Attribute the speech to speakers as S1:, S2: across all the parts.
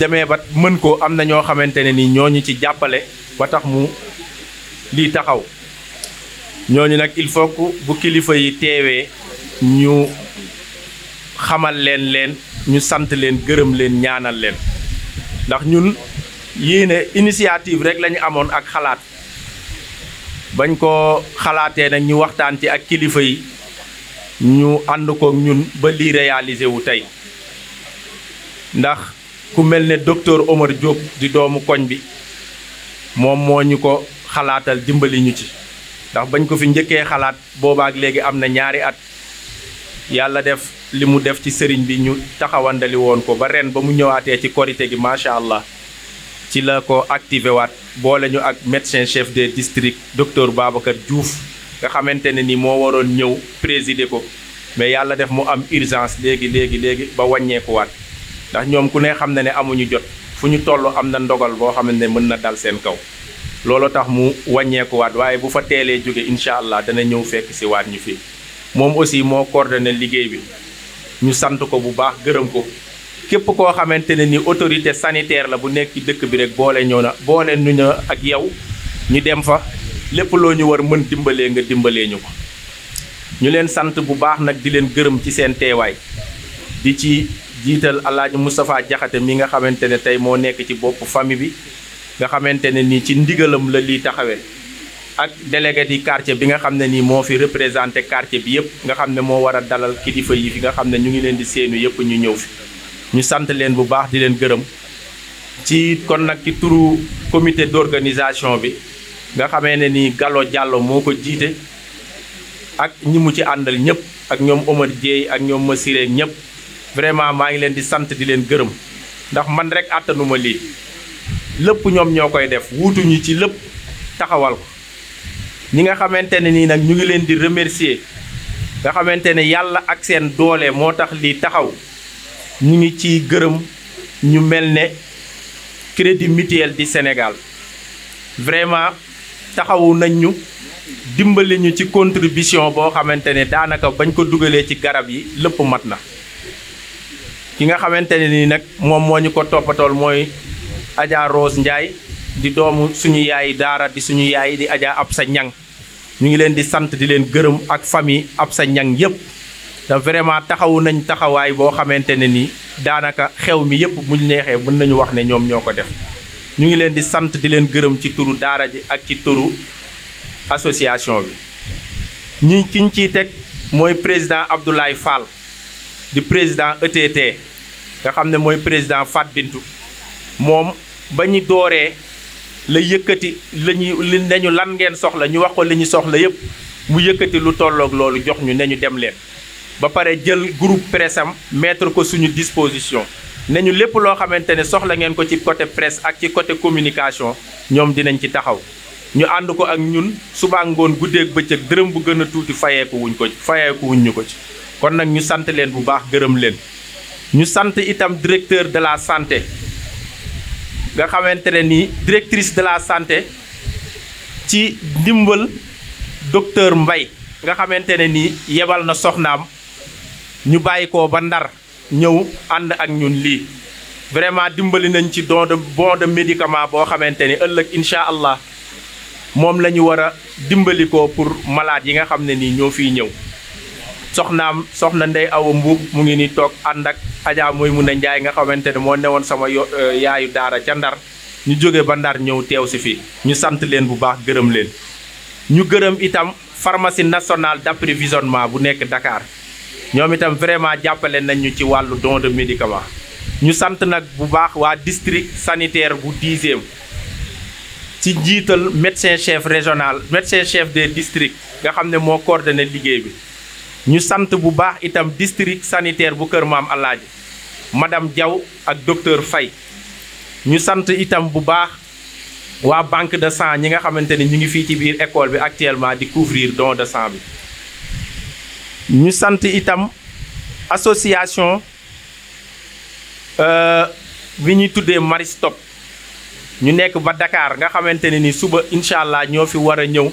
S1: demee ba mën koo am na ñoo xamante ne ni ñooñu ci jàppale ba tax mu lii taxaw ñooñu nag il faut que bu kilifa yi teewee ñu xamal leen leen ñu sant leen gërëm leen ñaanal leen ndax ñun yéene initiative rek lañu amoon ak xalaat bañ ko xalaatee nag ñu waxtaan ci ak kilifa yi ñu ànd kook ñun ba lii réalisé wu tey ndax ku mel ne docteur Omar Diop di doomu koñ bi moom moo ñu ko xalaatal dimbali ñu ci ndax bañ ko fi njëkkee xalaat boobaak léegi am na ñaari at yàlla def li mu def ci sëriñ bi ñu taxawandali woon ko ba ren ba mu ñëwaatee ci korité gi macha allah ci la ko activé waat boole ñu ak médecin chef de district docteur Babacar juuf nga xamante ne ni moo waroon ñëw présider ko mais yàlla def mu am urgence léegi léegi léegi ba wàññeekuwaat. ndax ñoom ku ne xam na ne amuñu jot fu ñu toll am na ndogal boo xamante ne mën na dal seen kaw loolu tax mu wàññeekuwaat waaye bu fa teelee jóge incha allah dana ñëw fekk si waat ñu fii moom aussi moo coordonné liggéey bi ñu sant ko bu baax gërëm ko képp koo xamante ne ni autorité sanitaire la bu nekk ci dëkk bi rek boole ñëw na boole ñu na ak yow ñu dem fa lépp loo ñu war mën dimbalee nga dimbalee ñu ko ñu leen sant bu baax nag di leen gërëm ci seen teewaay di ci jiital alaaji Moustapha Jaxate mi nga xamante ne tey moo nekk ci bopp famille bi nga xamante ne nii ci ndigalam la lii taxawee ak délégué di quartier bi nga xam ne nii moo fi représenté quartier bi yëpp nga xam ne moo war a dalal kilifa yi fi nga xam ne ñu ngi leen di seenu yëpp ñu ñëw fi ñu sant leen bu baax di leen gërëm ci kon nag ci turu comité d'organisation bi nga xame ne nii Gallo jàlloo moo ko jiite ak ñi mu ci àndal ñëpp ak ñoom Omar Dieye ak ñoom Massiré ñëpp vraiment maa ngi leen di sant di leen gërëm ndax man rek àttanuma lii lépp ñoom ñoo koy def wuutuñu ci lépp taxawal ko ñi nga xamante ne nii nag ñu ngi leen di remercier nga xamante ne yàlla ak seen doole moo tax lii taxaw ñu ngi ciy gërëm ñu mel ne Crédit Mutuel di Sénégal vraiment taxawu nañ ñu dimbali ñu ci contribution boo xamante ne daanaka bañ ko dugalee ci garab yi lépp mat na ki nga xamante ne nii nag moom moo ñu ko toppatool mooy Adja Rose Ndiaye di doomu suñu yaay daara di suñu yaay di ajaa ab sa Niang ñu ngi leen di sant di leen gërëm ak famille Absa Niang yëpp te vraiment taxawu nañ taxawaay boo xamante ne nii daanaka xew mi yëpp buñ neexee mën nañu wax ne ñoom ñoo ko def ñu ngi leen di sant di leen gërëm ci turu daara ji ak ci turu association bi ñi kiñ ciy teg mooy président Abdoulaye Fall di président ETT nga xam ne mooy président Fat Bintou moom ba ñu dooree la yëkkati la ñu li nañu lan ngeen soxla ñu wax ko li ñu soxla yëpp mu yëkkati lu tolloog loolu jox ñu ne ñu dem leen ba pare jël groupe presse am ko suñu disposition ne ñu lépp loo xamante ne soxla ngeen ko ci côté presse ak ci côté communication ñoom dinañ ci taxaw ñu ànd ko ak ñun suba ngoon guddeeg bëccëg dërëm bu gën a tuuti fayeeku ko fayeeku ñu ko ci kon nag ñu sant leen bu baax gërëm leen ñu sant itam directeur de la santé nga xamante ne nii directrice de la santé ci ndimbal docteur Mbay nga xamante ne nii yebal na soxnaam ñu bàyyi ko ba ndar ñëw ànd ak ñun lii vraiment dimbali nañ ci don médicament boo xamante ni ëllëg incha allah moom la ñu war a dimbalikoo pour malaat yi nga xam ne nii ñoo fi ñëw soxnaam soxna Ndey Awa Mbuub mu ngi ni toog ànd ak Adja mooy mun na njaay nga xamante ne moo newoon sama euh, yaayu daara ca ndar ñu jóge ba ndar ñëw teew si fii ñu sant leen bu baax gërëm leen ñu gërëm itam pharmacie nationale d'approvisionnement bu nekk dakaar ñoom itam vraiment jàppale nañ ñu ci wàllu don de médicament ñu sant nag bu baax waa district sanitaire bu dixième ci njiital médecin chef régional médecin chef de districts nga xam ne moo coordonné liggéey bi ñu sant bu baax itam district sanitaire bu Kër Maam Alaaji madam Diaw ak docteur fay ñu sant itam bu baax waa banque de sang ñi nga xamante ni ñu ngi fii ci biir école bi actuellement di couvrir don de sang bi ñu sant itam association euh, bi ñuy tuddee Marie Stopes ñu nekk ba dakaar nga xamante ne ni suba incha allah ñoo fi war a ñëw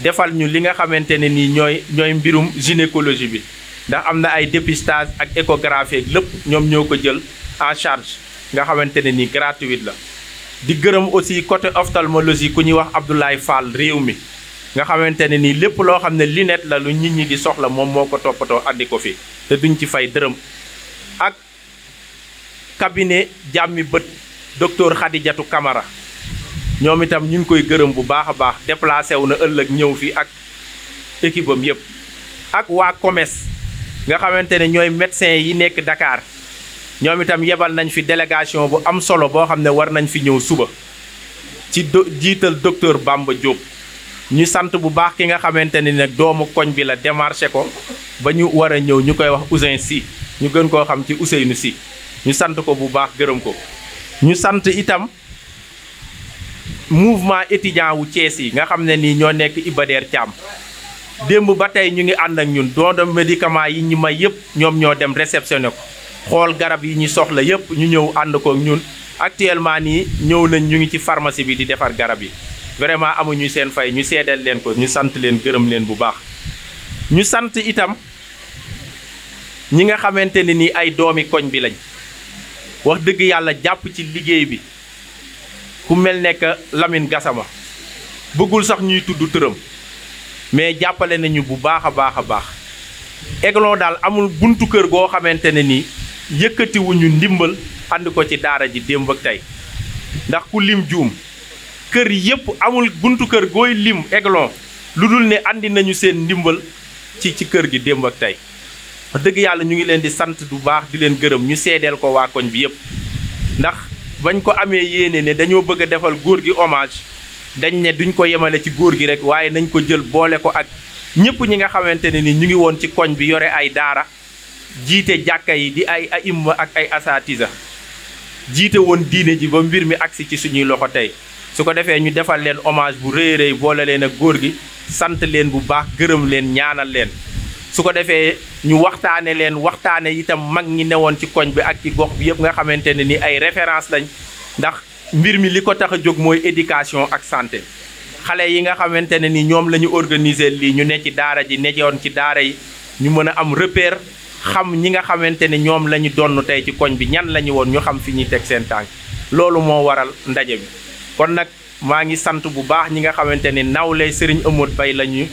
S1: defal ñu li nga xamante ne nii ñooy ñooy mbirum gynécologie bi ndax am na ay dépistage ak échographie lépp ñoom ñoo ko jël en charge nga xamante ne ni gratuite la. di gërëm aussi côté ophtalmologie ku ñuy wax Abdoulaye Fall réew mi nga xamante ne nii lépp loo xam ne lunette la lu nit ñi di soxla moom moo ko toppatoo andi ko fi te duñu ci fay dërëm ak cabinet jàmmi bët docteur Khadijatou kamara ñoom itam ñu ngi koy gërëm bu baax a baax déplacé wu na ëllëg ñëw fi ak équipe am yëpp ak waa commerce nga xamante ne ñooy médecin yi nekk dakaar ñoom itam yebal nañ fi délégation bu am solo boo xam ne war nañ fi ñëw suba ci do jiital docteur Bamba Diop ñu sant bu baax ki nga xamante ni ne doomu koñ bi la démarché ko ba ñu war a ñëw ñu koy wax Ousin si ñu gën koo xam ci Ousseynou si ñu sant ko bu baax gërëm ko ñu sant itam mouvement étudiant wu cees yi nga xam ne nii ñoo nekk Ibader Thiam démb ba tey ñu ngi ànd ak ñun doonda médicament yi ñu may yëpp ñoom ñoo dem réceptionné ko xool garab yi ñu soxla yëpp ñu ñëw ànd ko ak ñun actuellement nii ñëw nañ ñu ngi ci farmasi bi di defar garab yi vraiment amuñu seen fay ñu seedeel leen ko ñu sant leen gërëm leen bu baax ñu sant itam ñi nga xamante ne nii ay doomi koñ bi lañ wax dëgg yàlla jàpp ci liggéey bi ku mel nekk Lamine Gassama bëggul sax ñuy tudd tëram mais jàppale nañu bu baax a baax a baax Aiglon daal amul buntu kër goo xamante ne nii yëkkatiwuñu ndimbal ànd ko ci daara ji démb ak tey ndax ku lim juum kër yépp amul buntu kër gooy lim Aiglon lu dul ne indi nañu seen ndimbal ci ci kër gi démb ak tey wax dëgg yàlla ñu ngi leen di sant du baax di leen gërëm ñu seedeel ko waa koñ bi yépp ndax bañ ko amee yéene ne dañoo bëgg a defal góor gi hommage dañ ne duñ ko yemale ci góor gi rek waaye nañ ko jël boole ko ak ñëpp ñi nga xamante ne ni ñu ngi woon ci koñ bi yore ay daara jiite jàkka yi di ay aimma ak ay asatisa jiite woon diine ji ba mbir mi agsi ci suñuy loxo tey su ko defee ñu defal leen hommage bu rëy rëy boole leen ak góor gi sant leen bu baax gërëm leen ñaanal leen su ko defee ñu waxtaane leen waxtaane itam mag ñi woon ci koñ bi ak ci gox bi yëpp nga xamante ne ni ay référence lañ ndax mbir mi li ko tax a jóg mooy éducation ak santé xale yi nga xamante ne ni ñoom la ñu organiser lii ñu ne ci daara ji nejoon ci daara yi ñu mën a am repère xam ñi nga xamante ne ñoom la ñu donn tey ci koñ bi ñan la ñu woon ñu xam fi ñuy teg seen tànk loolu moo waral ndaje bi kon nag maa ngi sant bu baax ñi nga xamante ne nawle Serigne Amadou Bay la ñu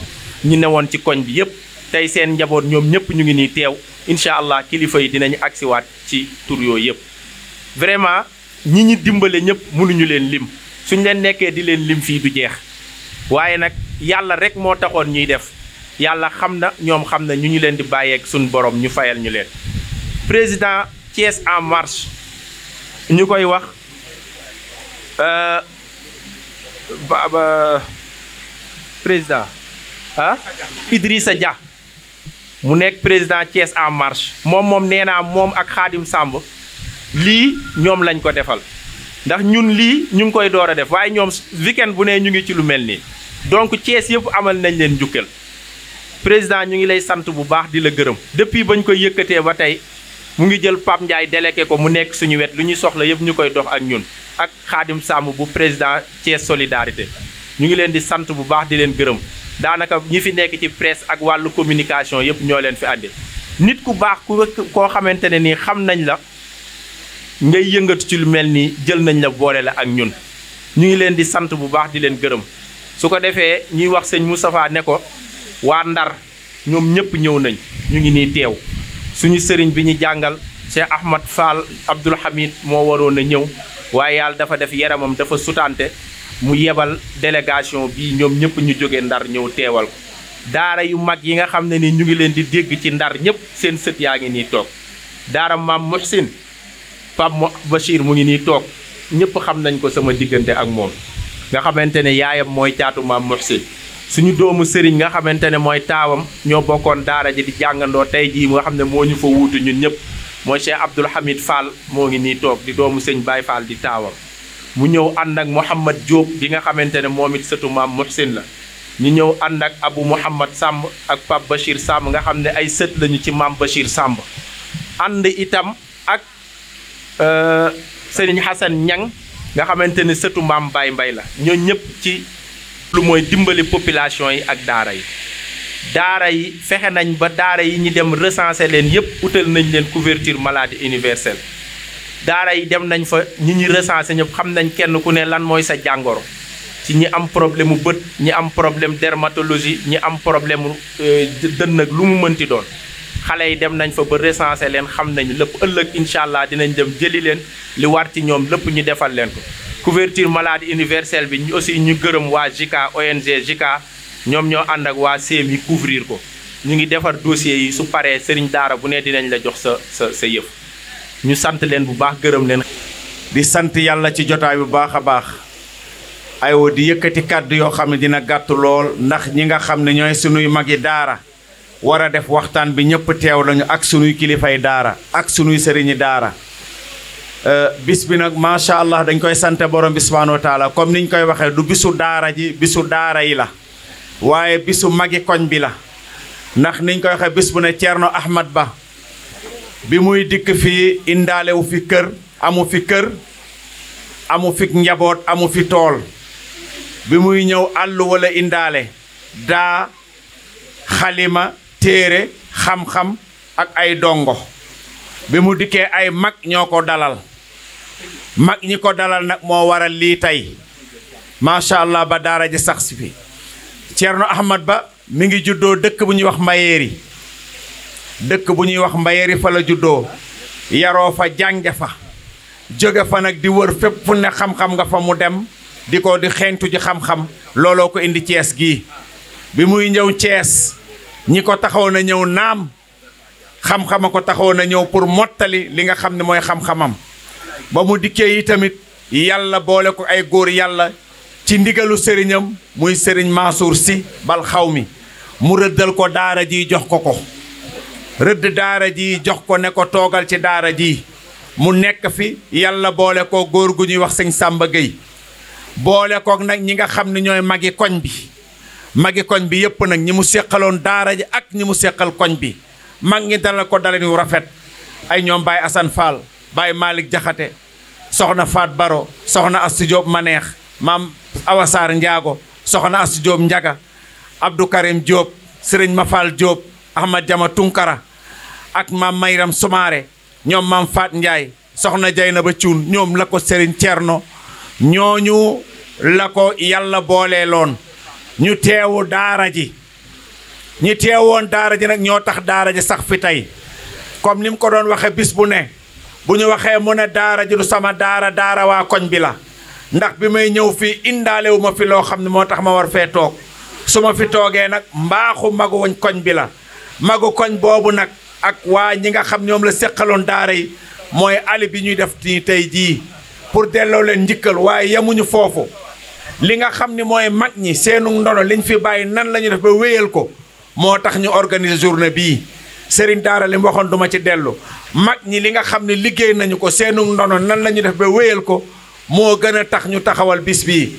S1: ñu newoon ci koñ bi yëpp tey seen njaboot ñoom ñëpp ñu ngi nii teew incha allah kilifa yi dinañu agsiwaat ci tur yooyu yëpp. vraiment ñi ñi dimbale ñëpp mënuñu leen lim suñ leen nekkee di leen lim fii du jeex waaye nag yàlla rek moo taxoon ñuy def yàlla xam na ñoom xam na ñu ñu leen di bàyyeeg suñ borom ñu fayal ñu leen. président Thiès en marche ñu koy wax. Euh, ba président ah Idrissa Dia mu nekk président Thiès en marche moom moom nee naa moom ak Xaadim Sàmb lii ñoom lañ ko defal ndax ñun lii ñu ngi koy door a def waaye ñoom weekend bu nee ñu ngi ci lu mel nii donc cees yëpp amal nañ leen njukkal président ñu ngi lay sant bu baax di la gërëm depuis bañ koy yëkkatee ba tey mu ngi jël Pape Ndiaye délégué ko mu nekk suñu wet lu ñuy soxla yëpp ñu koy dox ak ñun ak Xaadim Sàmb bu président Thiès solidarité ñu ngi leen di sant bu baax di leen gërëm daanaka ñi fi nekk ci presse ak wàllu communication yëpp ñoo leen fi àndi nit ku baax ku koo xamante ne nii xam nañ la ngay yëngatu ci lu mel ni jël nañ la boole la ak ñun ñu ngi leen di sant bu baax di leen gërëm su ko defee ñuy wax sëñ musafaa ne ko waa Ndar ñoom ñëpp ñëw nañ ñu ngi nii teew suñu sëriñ bi ñu jàngal Cheikh Ahmad Fall Abdoul Hamid moo waroon a ñëw waaye yàlla dafa def yaramam dafa sutante mu yebal délégation bi ñoom ñëpp ñu jóge ndar ñëw teewal ko daara yu mag yi nga xam ne ni ñu ngi leen di dégg ci ndar ñëpp seen sët yaa ngi nii toog daara maam Muhsin Pape Bachir mu ngi nii toog ñëpp xam nañ ko sama diggante ak moom nga xamante ne yaayam mooy caatu maam Muhsin suñu doomu sëriñ nga xamante ne mooy taawam ñoo bokkoon daara ji di jàngandoo tey jii nga xam ne moo ñu fa wuutu ñun ñëpp mooy Cheikh Abdoul Hamid Fall moo ngi nii toog di doomu sëñ Baye Fall di taawam mu ñëw ànd ak Mouhamad Diop bi nga xamante ne moom it sëtu maam Muhsin la ñu ñëw ànd ak Abu Mouhamad Samb ak Pape Bachir Samb nga xam ne ay sët lañu ci maam Bachir Samb ànd itam ak euh, Serigne Hassan Niang nga xamante ne sëtu maam Baye Mbaye la ñoo ñëpp ci lu mooy dimbali population yi ak daara yi daara yi fexe nañ ba daara yi ñu dem recenser leen yëpp utal nañ leen couverture maladie universelle daara yi dem nañu fa ñi ñi recensé ñëpp xam nañ kenn ku ne lan mooy sa jàngoro ci ñi am problème mu bët ñi am problème dermatologie ñi am problème mu euh, dënn ak lu mu mënti doon xale yi dem nañ fa ba recensé leen xam nañu lépp ëllëg incha allah dinañ dem jëli leen li war ci ñoom lépp ñu defal leen ko. couverture maladie universelle bi ñu aussi ñu gërëm waa JICA ONG JICA ñoom ñoo ànd ak waa yi couvrir ko ñu ngi defar dossier yi su paree sëriñ daara bu ne dinañ la jox sa sa sa yëf. ñu sant leen bu baax gërëm leen. di sant yàlla ci jotaay bu baax a baax. aywa di yëkkati kàddu yoo xam ne dina gàtt lool ndax ñi nga xam ne ñooy sunuy magi daara war a def waxtaan bi ñëpp teew lañu ak sunuy yi daara ak sunuy sëriñi daara. Euh, bis bi nag macha allah dañ koy sante borom bi subhaanahu wa taala comme niñ koy waxee du bisu daara ji bisu daara yi la. waaye bisu magi koñ bi la. ndax niñ koy waxee bis bu ne Thierno Ahmad Ba. bi muy dikk fii indaalewu fi kër amu fi kër amu fi njaboot amu fi tool bi muy ñëw àll wala indaale daa xalima téere xam-xam ak ay dongo bi mu dikkee ay mag ñoo ko dalal mag ñi ko dalal nag moo waral lii tey macha ba daara ji sax si fi Thierno Ahmad Ba mi ngi juddoo dëkk bu ñuy wax Mayeri dëkk bu ñuy wax mbayeri fa la juddoo yaroo fa jànge fa jóge fa nag di wër fépp fu ne xam-xam nga fa mu dem di ko di xeentu ji xam-xam looloo ko indi Cees gii bi muy ñëw Cees ñi ko taxaw na ñëw naam xam-xam a ko taxaw na ñëw pour mottali li nga xam ne mooy xam-xamam ba mu dikkee yi tamit yàlla boole ko ay góor yàlla ci ndigalu sëriñam muy sëriñ Mansour si bal xaw mi mu rëddal ko daara ji jox ko ko rëdd daara ji jox ko ne ko toogal ci daara ji mu nekk fi yàlla boole ko góor gu ñuy wax sëñ Samba boole kook nag ñi nga xam ne ñooy magi koñ bi magi koñ bi yépp nag ñi mu seqaloon daara ji ak ñi mu seqal koñ bi mag ñi dalal ko dalin wu rafet ay ñoom baay Assane Fall baay Malick Jaxate soxna Faat Baro soxna Astou Diop Maneex maam Awa njaago soxna Astou Diop Ndiaga Abdou Karim Diop Serigne Mafal Diop ma Jama Tunkara ak maam Mayram Soumaré ñoom maam Faat Ndiaye soxna ba Cuun ñoom la ko sëriñ Serigne ñoo ñu la ko yàlla loon ñu teewu daara ji ñu woon daara ji nag ñoo tax daara ji sax fi tey comme ni mu ko doon waxee bis bu ne bu ñu waxee mu ne daara ji du sama daara daara waa koñ bi la ndax bi may ñëw fii indaale wu fi loo xam ne moo tax ma war fee toog su ma fi toogee nag mbaaxu magu koñ bi la magu koñ boobu nag ak waa ñi nga xam ñoom la seqaloon daara yi mooy ali bi ñuy def nii tey jii pour delloo leen njikkal waaye yemuñu foofu li nga xam ni mooy mag ñi seenu ndono liñ fi bàyyi nan la ñu def ba wéyal ko moo tax ñu organiser journée bii sëriñ daara li mboxoon duma ci dellu mag ñi li nga xam ne liggéey nañu ko seenu ndono nan la ñu def ba wéyal ko moo gën a tax ñu taxawal bis bii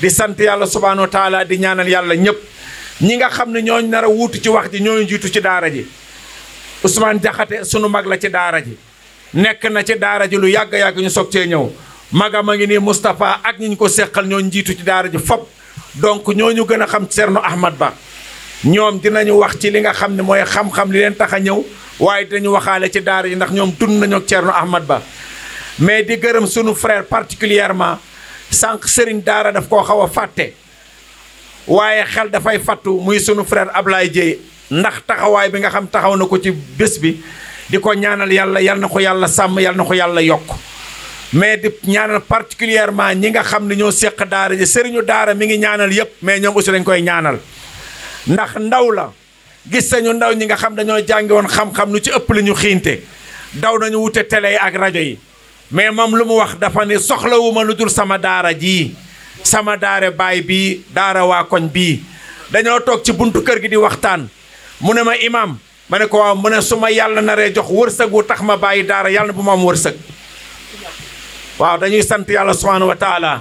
S1: di sant yàlla subhaanahu wa di ñaanal yàlla ñëpp ñi nga xam ne ñooñu nar a wuutu ci wax ji ñooñu jiitu ci daara ji Ousmane Jaxate sunu mag la ci daara ji nekk na ci daara ji lu yàgg yàgg ñu soog cee ñëw magam a ngi nii Moustapha ak ñu ñu ko seqal ñoo njiitu ci daara ji fop donc ñooñu gën a xam Cerno Ahmad Ba ñoom dinañu wax ci li nga xam ne mooy xam-xam li leen tax a ñëw waaye dinañu waxaale ci daara ji ndax ñoom dund nañu ak Cerno Ahmad Ba mais di gërëm sunu frère particulièrement sànq Serigne Daara daf koo xaw a fàtte. waaye xel dafay fattu muy sunu frère Ablaye Dieye ndax taxawaay bi nga xam taxaw na ko ci bés bi di ko ñaanal yàlla yal na ko yàlla sàmm yal na ko yàlla yokk mais di ñaanal particulièrement ñi nga xam ni ñoo séq daara ji sëriñu daara mi ngi ñaanal yépp mais ñoom aussi dañ koy ñaanal ndax ndaw la gis nañu ndaw ñi nga xam dañoo jàngi woon xam-xam lu ci ëpp li ñu xiinte daw nañu wute tele yi ak rajo yi mais moom lu mu wax dafa ne soxlawuma lu dul sama daara jii sama daare baay bii daara waa koñ bii dañoo toog ci buntu kër gi di waxtaan mu ne ma imaam ma ne ko waaw mu ne su ma yàlla naree jox wërsëg wu tax ma bàyyi daara yàlla bu ma am wërsëg waaw dañuy sant yàlla subhaanahu wa taala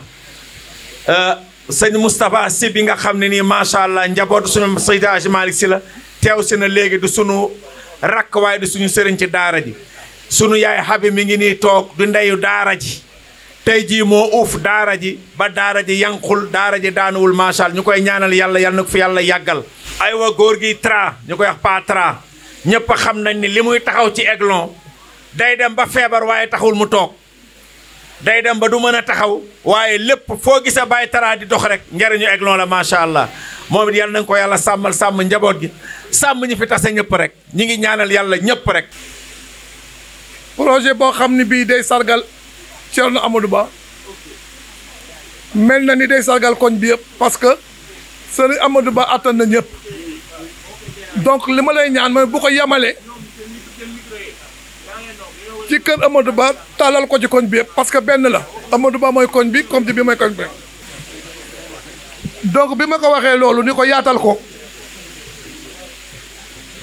S1: euh, sëñ Moustapha bi nga xam ne nii macha allah njabootu suñu Seydi Hadji Malick si la teew si na léegi du sunu rakk waaye du suñu sëriñ ci daara ji sunu yaay Habib mi ngi nii toog du ndeyu daara ji tey jii moo uuf daara ji ba daara ji yanqul daara ji daanuwul maasal ñu koy ñaanal yàlla yàlla na ko fi yàlla yàggal aywa góor gi traa ñu koy wax pa tra ñépp xam nañ ni li muy taxaw ci Aiglon day dem ba feebar waaye taxul mu toog day dem ba du mën a taxaw waaye lépp foo gisee bàyyi taraa di dox rek njariñu Aiglon la macha allah moom it yàlla nañ ko yàlla sàmmal sàmm njaboot gi sàmm ñu fi tase ñëpp rek ñu ngi ñaanal yàlla ñëpp rek
S2: Thierno Amadou Ba mel na ni day sargal koñ bi yëpp parce que Serigne Amadou Ba attan na ñëpp donc li ma lay ñaan mooy bu ko yamalee ci kër Amadou Ba tàllal ko ci koñ bi yëpp parce que benn la Amadou Ba mooy koñ bi comme bi mooy koñ bi donc bi ma ko waxee loolu ni ko yaatal ko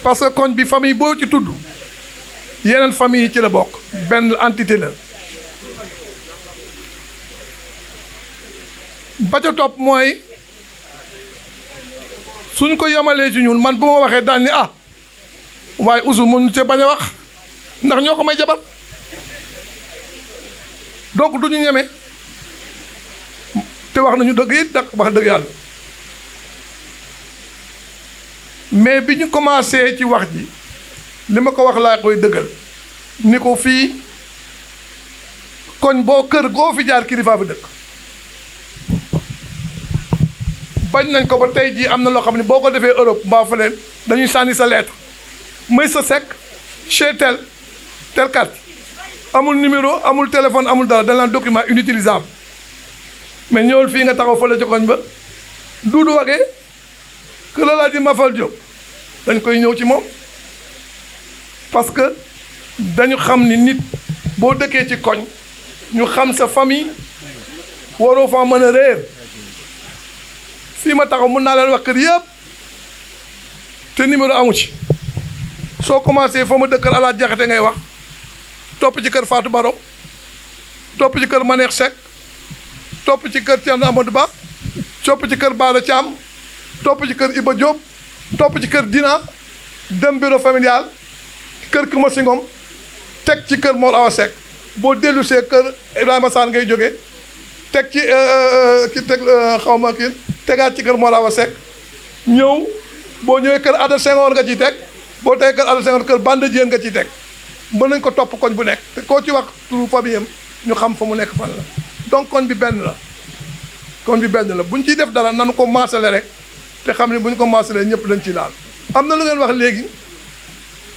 S2: parce que koñ bi famille boo ci tudd yeneen famille yi ci la bokk benn entité la. ba ca topp mooy suñ ko yemalee ci ñun man bu ma waxee daal ni ah waaye usu mënu ca bañ a wax ndax ñoo ko may jabar donc du ñu ñeme te wax nañu dëgg it dak wax dëgg yàlla mais bi ñu commencé ci wax ji li ma ko wax laa koy dëggal ni ko fii koñ boo kër goo fi jaar kilifa fi dëkk wañ nañ ko ba tey jii am na loo xam ne boo ko defee Europe mbaa fa leen dañuy sànni sa lettre may sa sec chez tel tel amul numéro amul téléphone amul dara dañ laan document inutilisable mais ñëwul fii nga taxaw fële ci koñ ba duudu wagee kër la laa ji jóg dañ koy ñëw ci moom parce que dañu xam ni nit boo dëkkee ci koñ ñu xam sa fami waroo fa mën a réer fii ma taxaw mën naa leen wax kër yëpp te numéro amu ci soo commencé foo ma dëkkal alaaj jaxate ngay wax topp ci kër faatu Baro topp ci kër Maneex Seck topp ci kër Thierno Amadou Ba topp ci kër Bada Thiam topp ci kër Iba Diop topp ci kër Dina dem bureau familial kër ma Singom teg ci kër Mor Awa Seck boo dellusee kër Ibrahima Sane ngay jógee teg ci euh, euh, euh, ki teg xaw ma kii tegaat ci kër Mor Awa Seck ñëw boo ñëwee kër Adda Senghor nga ci teg boo teg kër Adda Senghor kër Bande Diène nga ciy teg mën nañ ko topp koñ bu nekk te koo ci wax tu famille ñu xam fa mu nekk fan la donc koñ bi benn la koñ bi benn la bu ñu ciy def dara nanu ko maasale rek te xam ne bu ñu ko maasalee ñëpp dañ ciy laal am na lu ngeen wax léegi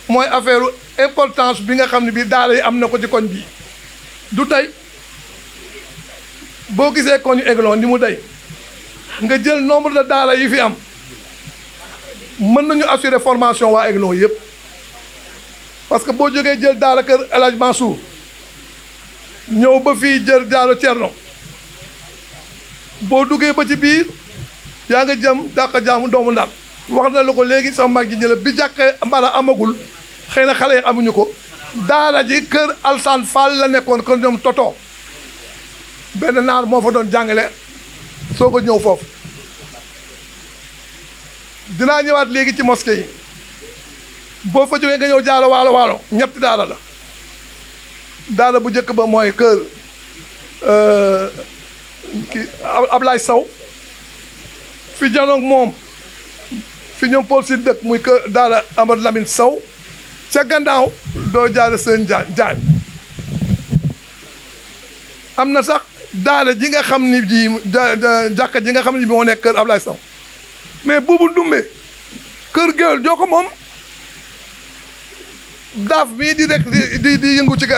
S2: mooy affaire importance bi nga xam ne bii daara yi am na ko ci koñ bii du tey boo gisee ko ñu Aiglon ni mu day nga jël nombre de daara yi fi am mën nañu assurer formation waa eglo yëpp parce que boo jógee jël daara kër El Hadj Mansour ñëw ba fii jël daara Thierno boo duggee ba ci biir yaa nga jëm daq jaamu doomu ndar wax na la ko léegi sama mag ji ñëla bi jàkkee mbara amagul xëy na xale yi amuñu ko daara ji kër Alsaan Fall la nekkoon ko ñoom Toto benn naar moo fa doon jàngale soo ko ñëw foofu dinaa ñëwaat léegi ci mosquée yi boo fa jógee nga ñëw jaalo waalo waalo ñetti daara la daara bu njëkk ba mooy kër euh, ki Ablaye Sow fi janoog moom fi ñoom Paul si dëkk muy kër daara Amadou Lamine Sow ca gannaaw doo jaare seen jaan am na sax daara ji nga xam ni ji jàkka ji nga xam ni moo nekk kër Ablaye Sow mais buubu Ndumbe kër géwél joo moom daaf mii di rek di di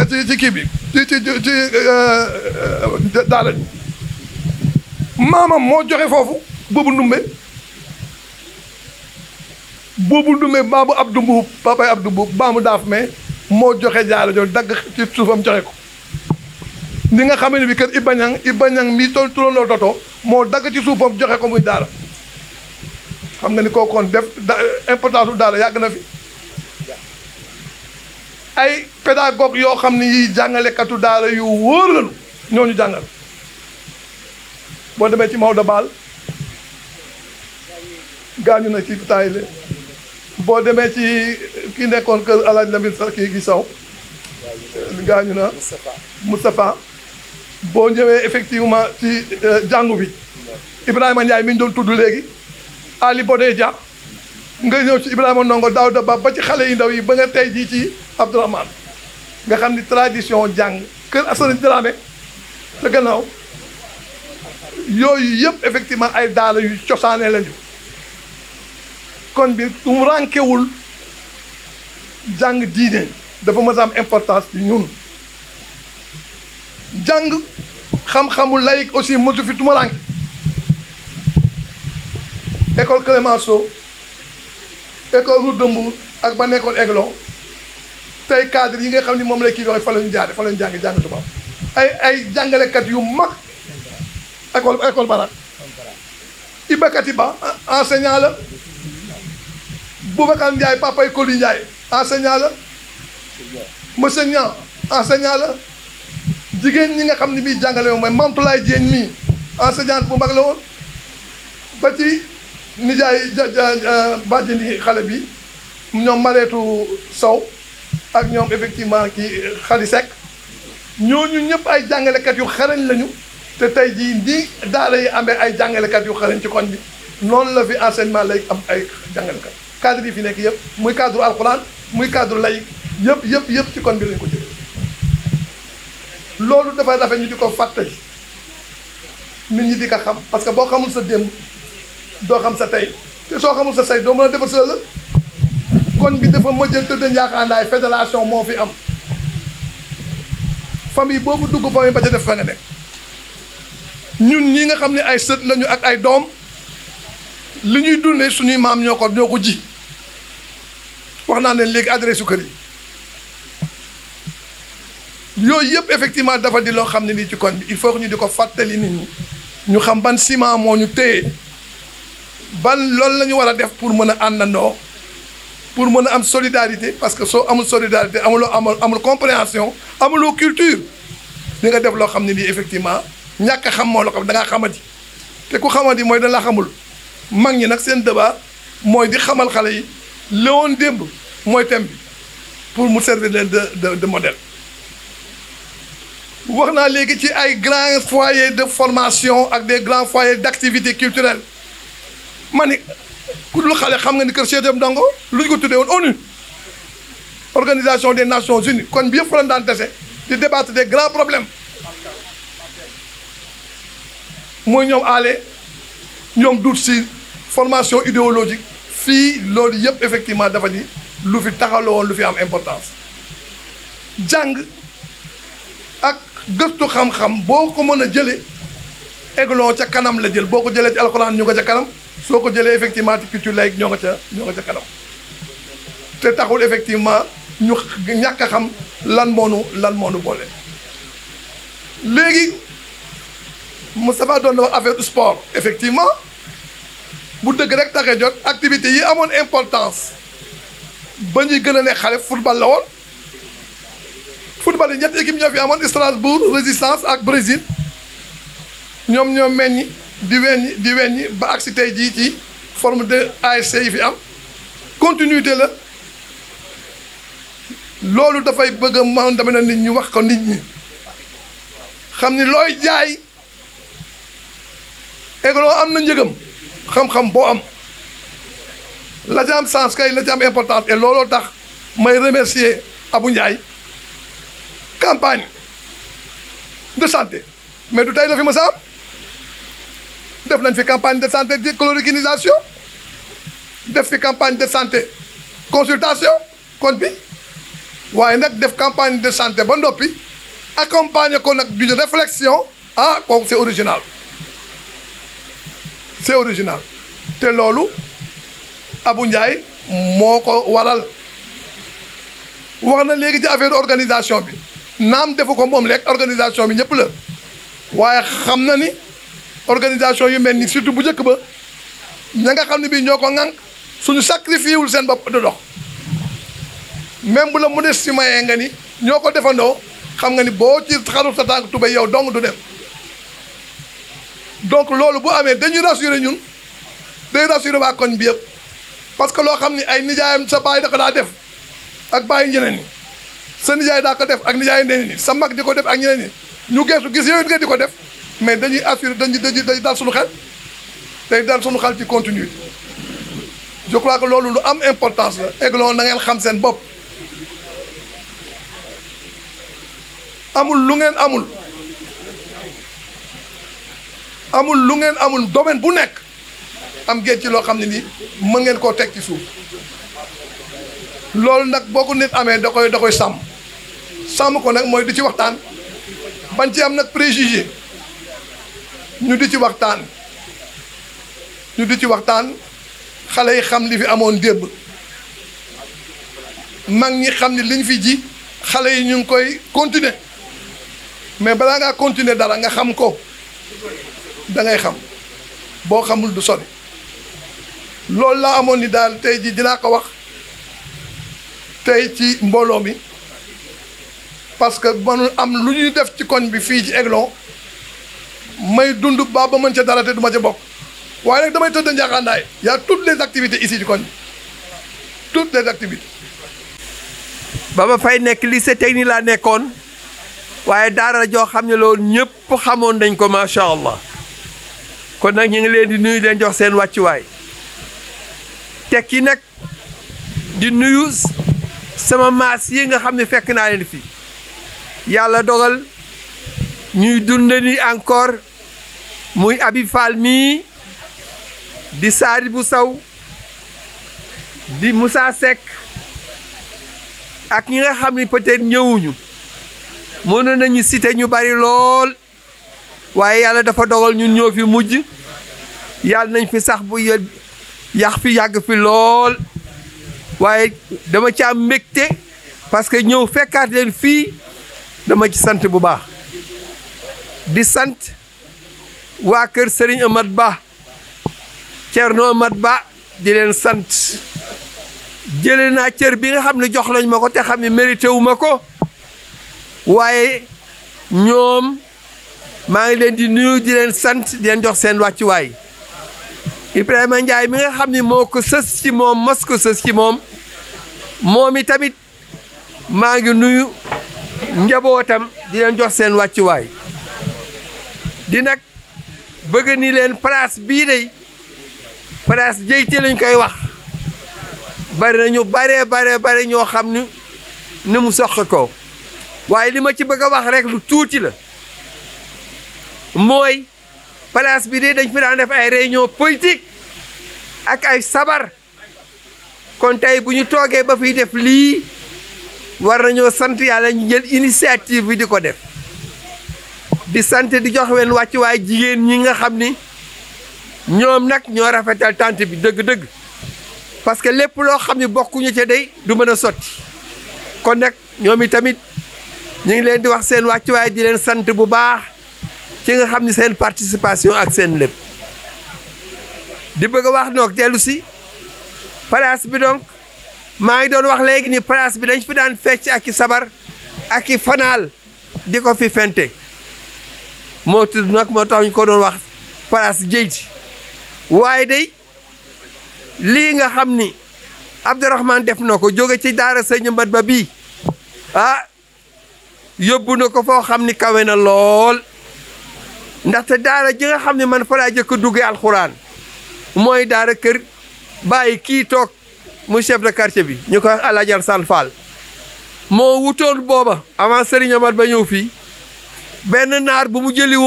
S2: ci ci kii bi ci ci ci euh, euh, daara maamam moo joxe foofu buubu Ndumbe buubu Ndumbe baabu ab Mbuub papay Abdou Mbuub baamu daaf mais moo joxe jaara joo dagg ci suufam joxe ko ni nga xam bi kër i Niang Iba Niang mii tool turandoo moo dagg ci suufam joxe ko muy daara xam nga ni kookoon def importance bu daara yàgg na fi ay pédagogue yoo xam ne jàngalekatu daara yu wóor lañu ñooñu jàngal boo demee ci Maodo Baal gaañu na ci taayile boo demee ci ki nekkoon kër El Hadj Lamine Sarki gi saw gaañu na Moustapha boo ñëwee effectivement ci euh, jàngu bi Ibrahima Ndiaye mi ñu doon tudd léegi Ali Bodé Dia nga ñëw ci Ibrahima Ndongo Daouda Ba ba ci xale yu ndaw yi ba nga tey jii ci Abdourahmane nga xam ni tradition jàng kër Assane Dramé te gannaaw yooyu yëpp effectivement ay daala yu cosaane lañu kon bi mu rànkewul jàng diine dafa mën a am importance bi ñun jàng xam-xamu lay aussi mosu fi tumaranke école Clémenceau école Route de Mbour ak ban école Aiglon tey cadre yi nga xam ni moom la kii doxe fa lañu jaare fa lañu jàng jàng tubaab ay ay jàngalekat yu mag école école barak Ibakati Ba enseignant la Boubacar Ndiaye papay Koli Ndiaye enseignant la monsieur Niang enseignant la jigéen ñi nga xam ne bii jàngale moom mooy Mamtulaay Jéen mii enseignante bu mag la woon ba ci nijaay bàjjini xale bi ñoom Mareetu Sow ak ñoom effectivement kii Xali Seck ñooñu ñëpp ay jàngalekat yu xarañ lañu te tey jii nii daara yi amee ay jàngalekat yu xarañ ci koñ bi noonu la fi enseignement lay am ay jàngalekat cadre yi fi nekk yëpp muy cadre alxuraan muy cadre lay yëpp yëpp yëpp ci koñ bi lañ ko jëlee. loolu dafa rafet ñu di ko fàttali nit ñi di ko xam parce que boo xamul sa démb doo xam sa tey te soo xamul sa say doo mën a defar sa ëllëg kon bi dafa mëjjël tëdd njaaxaanaay fédération moo fi am famille boobu dugg famille ba ca def fa nga nekk ñun ñi nga xam ne ay sët lañu ak ay doom li ñuy dundee suñuy maam ñoo ko ñoo ko ji wax naa ne léegi adresse su kër yi yooyu yëpp effectivement dafa di loo xam ne nii ci kon bi il faut que ñu di ko fàttali nit ñi ñu xam ban ciment moo ñu téye ban loolu la ñu war a def pour mën a àndandoo pour mën a am solidarité parce que soo amul solidarité amuloo amul amul compréhension amuloo culture di nga def loo xam ne nii effectivement ñàkk xam moo la ko xamadi ngaa xamati te ku xamati mooy da xamul mag ñi nag seen débat mooy di xamal xale yi léwoon démb mooy thème pour mu servir leen de de de modèle. wax naa léegi ci ay grands foyers de formation ak des grands foyers d' activité culturelle ma ni ku dul xale xam nga ni kër Cheikh Diop Ndongo lu ñu ko tuddee woon ONU organisation des nations unies kon bi yëpp fa la daan dese di débattre des grands problèmes mooy ñoom aale ñoom duut si formation idéologique fii loolu yëpp effectivement dafa ni lu fi taxawloo woon lu fi am importance jàng. gëstu xam-xam boo ko mën a jëlee Aiglon ca kanam la jël boo ko jëlee ci alxuraan ñu nga ca kanam soo ko jëlee effectivement ci culture laïque ñoo nga ca ñoo nga ca kanam te taxul effectivement ñu ñàkk xam lan moonu lan moonu boole. léegi Moustapha doon na wax affaire sport effectivement bu dëgg rek taxe jot activité yi amoon importance ba ñuy gën a ne xale football la woon. football yi ñetti équipe ñoo fi amoon Strasbourg résistance ak Brésil ñoom ñoo meññ di weññi di weññi ba agsi tey jii ci forme de ASC yi fi am continuité la loolu dafay bëgg a mën na nit ñu wax ko nit ñi xam ni looy jaay égloo am na njëgam xam-xam boo am la ci am sens kay la ci am importance looloo tax may remercier Abou Ndiaye campagne de santé mais du tey la fi ma saam def nañ fi campagne de santé de chloroquinisation def fi campagne de santé consultation kon bi waaye nag def campagne de santé ba noppi accompagner ko nag d'une réflexion ah kooku c'est original c'est original te loolu Abou Ndiaye moo ko waral wax na léegi ci affaire organisation bi naam defu ko moom rek organisation bi ñëpp la waaye xam na ni organisation yu mel ni surtout bu njëkk ba ña nga xam ne bii ñoo ko ŋànk suñu sacrifié seen bopp du dox bu la mu des si mayee nga ni ñoo ko defandoo xam nga ni boo ci xaru sa tànk tubéy yow dong du dem donc loolu bu amee dañuy rassuré ñun day rassuré waa koñ bi yëpp parce que loo xam ni ay nijaayam sa baay da ko daa def ak bàyyi ñeneen sa nijaay daa ko def ak nijaay ndey ñi sa mag di ko def ak ñeneen ñi ñu geesu gis yow it nga di ko def mais dañuy assuré dañuy dañuy daal suñu xel day daal suñu xel ci continue je crois que loolu lu am importance la Aiglon na ngeen xam seen bopp amul lu ngeen amul amul lu ngeen amul domaine bu nekk am géej ci loo xam ne nii mën ngeen koo teg ci suuf loolu nag boo ko nit amee da koy da koy sàmm sàmm ko nag mooy di ci waxtaan bañ ci am nag préjugé ñu di ci waxtaan ñu di ci waxtaan xale yi xam li fi amoon démb mag ñi xam ni ñu fi ji xale yi ñu ngi koy continuer mais balaa ngaa continuer dara nga xam ko da ngay xam boo xamul du sori loolu laa amoon ni daal tey ji dinaa ko wax tey ci mbooloo mi parce que mënul am lu ñuy def ci koñ bi fii ci Aiglon may dund ba ba mën ca dara te du ma ca bokk waaye nag damay tëdd njaaxaandaay y a toutes les activités ici ci koñ bi toutes les activités. ba ma fay nekk lycée technique laa nekkoon
S3: waaye daara joo xam ne loolu ñëpp xamoon dañ ko macha allah kon nag ñu ngi leen di nuyu leen jox seen wàccuwaay tekki nag di nuyu sama maas yi nga xam ne fekk naa leen fii yàlla dogal ñuy dund ni encore muy Habib Fall mii di saari bu saw di Moussa Seck ak ñi nga xam ni peut-être ñëwuñu mënoon nañu site ñu bari lool waaye yàlla dafa dogal ñun ñëw fi mujj yàlla nañ fi sax bu yàq fi yàgg fi lool waaye dama ci am mbegte parce ñëw fekkaat leen fii dama ci sant bu baax di sant waa kër Serigne Amat Ba Thierno Amat Ba di leen sant jële naa cër bi nga xam ne jox lañ ma ko te xam ne mérité wu ma ko waaye ñoom maa ngi leen di nuyu di leen sant di leen jox seen wàccuwaay Ibrahima Ndiaye mi nga xam ni moo ko sës ci moom mos ko sës ci moom moom i maa ngi nuyu njabootam di leen jox seen wàccuwaay di nag bëgg ni leen place bii day place jëyti lañ koy wax bari nañu ñu baree bare ñoo xam ni ni mu soq ko waaye li ma ci bëgg a wax rek lu tuuti la mooy place bi de dañ fi daan def ay réunion politique ak ay sabar kon tey bu ñu toogee ba fiy def lii war nañoo sant yàlla ñu jël initiative bi di ko def di sant di jox leen wàccuwaay jigéen ñi nga xam ni ñoom nag ñoo rafetal tànt bi dëgg-dëgg parce que lépp loo xam ni bokkuñu ca day du mën a sotti kon nag ñoom tamit ñu ngi leen di wax seen wàccuwaay di leen sant bu baax ci nga xam ni seen participation ak seen lépp di bëgg a wax noog dellu si place bi donc maa ngi doon wax léegi ni place bi dañ fi daan fecc ak i sabar ak i fanaal di ko fi fente moo tudd nag moo tax ko doon wax place Jéyti waaye day lii nga xam ni Abdourahmane def na ko jóge ci daara sëñ mbat ba bii ah yóbbu na ko foo xam ni kawe na lool ndaxte daara ji nga xam ne man fa laa jëkk a duggee alxuraan mooy daara kër bàyyi kii toog mu chef de quartier bi ñu ko wax Alaaji Alasaan moo wutoon booba avant Serigne Amath ba ñëw fii benn naar bu mu jëli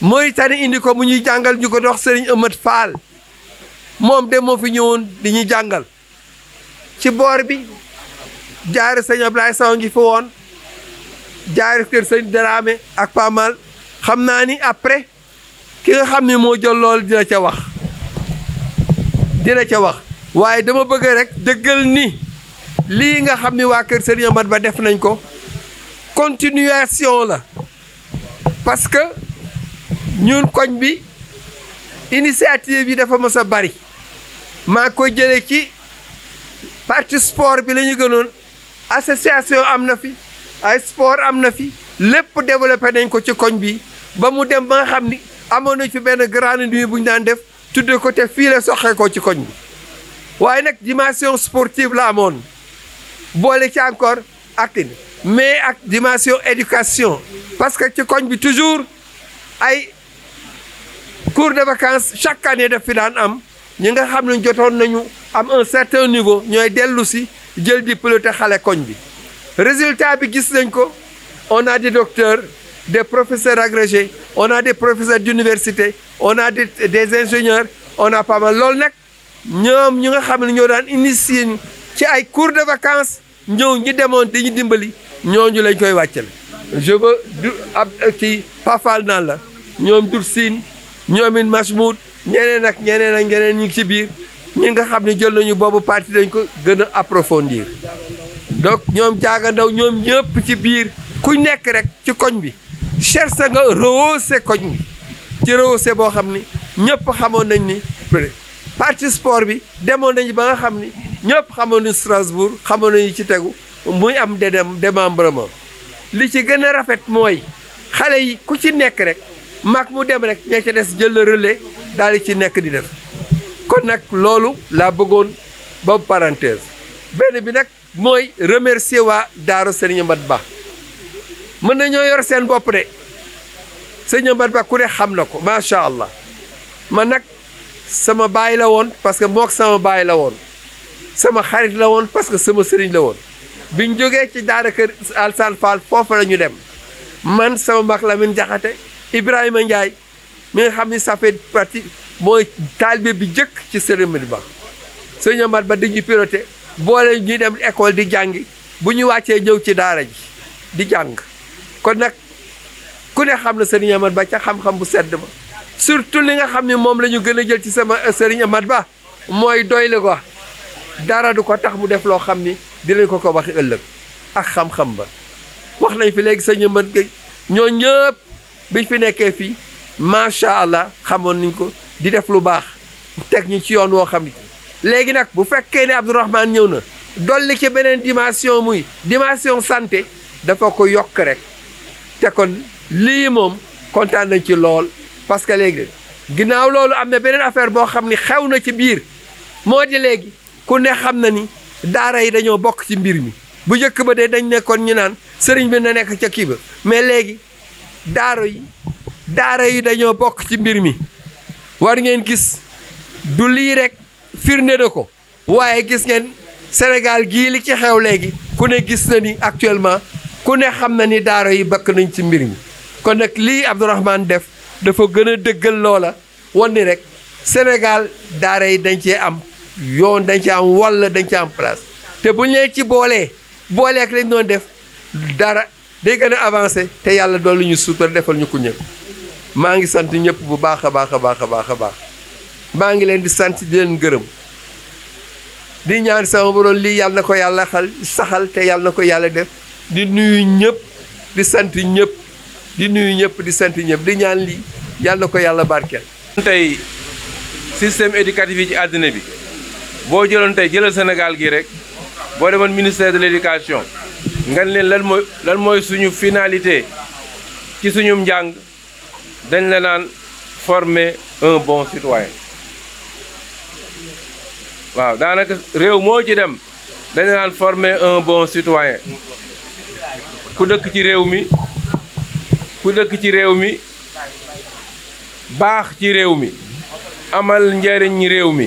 S3: mooy tani indi ko mu ñuy jàngal ñu ko dox Serigne Amath Fall moom de moo fi ñëwoon di ñuy jàngal ci boor bi jaari sëñ Ablaye Sow ngi fi woon jaari kër sëñ Dramé ak Pamal xam naa ni après ki nga xam ni moo jël lool dina ca wax dina ca wax waaye dama bëgg rek dëggal ni lii nga xam ni waa kër Serigne Ahmad Ba def nañ ko continuation la parce que ñun koñ bi initiative yi dafa mës a bari maa ko jëlee ci parti sport bi lañu gënoon association am na fi ay sport am na fi lépp développé nañ ko ci koñ bi ba mu dem ba nga xam ni amoon nañ fi benn grande nuit bu ñu daan def tuddee ko te fii la soxee ko ci koñ bi waaye nag dimension sportive la amoon boole ci encore acting mais ak dimension éducation parce que ci koñ bi toujours ay cours de vacances chaque année daf fi daan am ñi nga xam ne jotoon nañu am un certain niveau ñooy dellu si jël di piloté xale koñ bi résultat bi gis nañ ko on a de docteurs des professeurs agrégés on a des professeurs d'université on a des, des ingénieurs on a pas mal loolu nag ñoom ñu nga xam ne ñoo daan initier ci ay cours de vacances ñëw ñi demoon dañu dimbali ñooñu lañ koy wàcceel je du ab kii Pafal naan la ñoom Dur Sine ñoom it Masmoud ñeneen ak ñeneen ak ñeneen ñu ngi ci biir ñi nga xam ne jël nañu boobu parti dañ ko gën a approfondir donc ñoom jaaga ndaw ñoom ñëpp ci biir ku nekk rek ci koñ bi cherche nga rehausser koñ bi ci rehausser boo xam ni ñëpp xamoon nañ ni. parti sport bi demoon nañu ba nga xam ni ñëpp xamoon nañu Strasbourg xamoon nañu ci tegu muy am dedem démembrement li ci gën a rafet mooy xale yi ku ci nekk rek mag mu dem rek ña ca des jël le relais daal di ci nekk di def kon nag loolu laa bëggoon boobu parenthèse benn bi nag mooy remercier waa Daaro Sëriñ Amat Ba mën nañoo yor seen bopp de Sëriñ Amat Ba ku ne xam na ko macha allah man nag sama baay la woon parce que mook sama baay la woon sama xarit la woon parce que sama sëriñ la woon biñ jógee ci daara kër Alsaan Fall foofa la ñu dem man sama mag Lamine Jaxate Ibrahima Ndiaye mi nga xam ni ça fait partie mooy taalibe bi jëkk ci sëriñ bi ba sëñ Amar ba dañuy piroté boole ñuy dem école di jàngi bu ñu wàccee ñëw ci daara ji di jàng kon nag ku ne xam na sëriñ Amar ba ca xam-xam bu sedd ma surtout li nga xam ne moom la ñu gën a jël ci sama euh, sëriñ Amath Ba mooy doyle ko dara du ko tax mu def loo xam ni dinañ ko ko waxi ëllëg ak xam-xam ba wax nañ fi léegi sëñ Amath Gueye ñoo ñëpp biñ fi nekkee fii macha allah xamoon nañ ko di def lu baax teg ñu ci yoon woo xam ni léegi nag bu fekkee ne Abdourahmane ñëw na dolli ci beneen dimension muy dimension santé dafa ko yokk rek te ko lii moom kontaan nañ ci lool parce que léegi ginnaaw loolu am na beneen affaire boo xam ni xew na ci biir moo di léegi ku ne xam na ni daara yi dañoo bokk ci mbir mi bu njëkk ba de dañ nekkoon ñu naan sëriñ bi na nekk ca kii ba mais léegi daara yi daara yi dañoo bokk ci mbir mi war ngeen gis du lii rek firnde na ko waaye gis ngeen Sénégal gii li ci xew léegi ku ne gis na ni actuellement ku ne xam na ni daara yi bakk nañ ci mbir mi kon nag lii Abdourahmane def dafa gën a dëggal loola wan ni rek Sénégal daara yi dañ cee am yoon dañ ci am walla dañ ci am place te bu ñu leen ci boolee boolee ak lañ doon def dara day gën a avancé te yàlla doolu ñu suutar defal ñu ko ñëpp maa ngi sant ñëpp bu baax a baax a baax a baax a baax maa ngi leen di sant di leen gërëm di ñaan sama borom lii yàlla na ko yàlla saxal te yàlla na ko yàlla def di nuyu ñëpp di sant ñëpp di nuy ñëpp di sent ñëpp di ñaan lii yàlla ko yàlla barkeel.
S4: tey système éducatif yi ci àddina bi boo jëloon tey jëlal Sénégal gi rek boo demoon ministère de l' éducation nga leen lan mooy suñu finalité ci suñu njàng dañ la naan former bon citoyen waaw daanaka réew moo ji dem dañ la naan former un bon citoyen ku dëkk ci réew mi. ku dëkk ci réew mi baax ci réew mi amal njariñ réew mi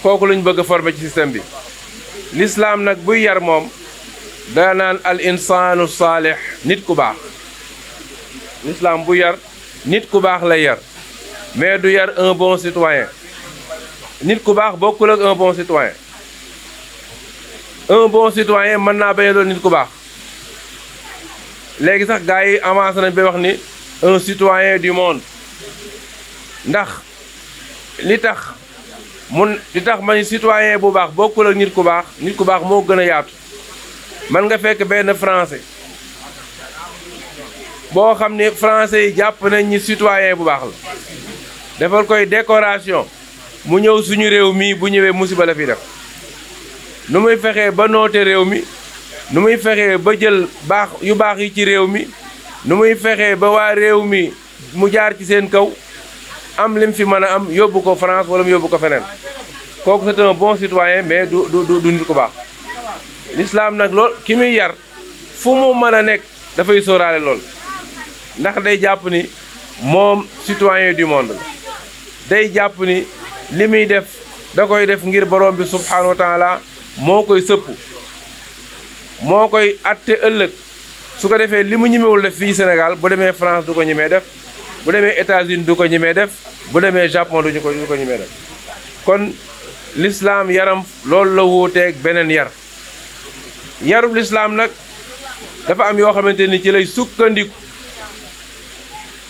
S4: kooku lañ bëgg a former ci système bi lislaam nag buy yar moom daanaan naan al insaanu saalix nit ku baax lislaam bu yar nit ku baax lay yar mais du yar un bon citoyen nit ku baax bokkul ak un bon citoyen en bon citoyen mën naa bañ doon nit ku baax léegi sax gars yi avancé nañ ba wax ni un citoyen du monde ndax li tax mun li tax ma ni citoyen bu baax bokkul ak nit ku baax nit ku baax moo gën a yaatu man nga fekk benn français boo xam ni français yi jàpp nañ ni citoyen bu baax la defal koy décoration mu ñëw suñu réew mii bu ñëwee musiba la fi def nu muy fexee ba nootee réew mi nu muy fexee ba jël baax yu baax yi ci réew mi nu muy fexee ba waa réew mi mu jaar ci seen kaw am lim fi mën a am yóbbu ko France wala mu yóbbu ko feneen kooku c'est bon citoyen mais du du du nit ku baax l'islam nag lool ki muy yar fu mu mën a nekk dafay sóoraale lool ndax day jàpp ni moom citoyen du monde day jàpp ni li muy def da koy def ngir borom bi subhanahu wa moo koy sëpp moo koy atte ëllëg su ko defee li mu ñimewul def fii Sénégal bu demee France du ko ñemee def bu demee États-Unis du ko ñimee def bu demee Japon du ko du ko ñimee def kon lislaam yaram loolu la wuuteeg beneen yar yarub lislaam nag dafa am yoo xamante ni ci lay sukkandiku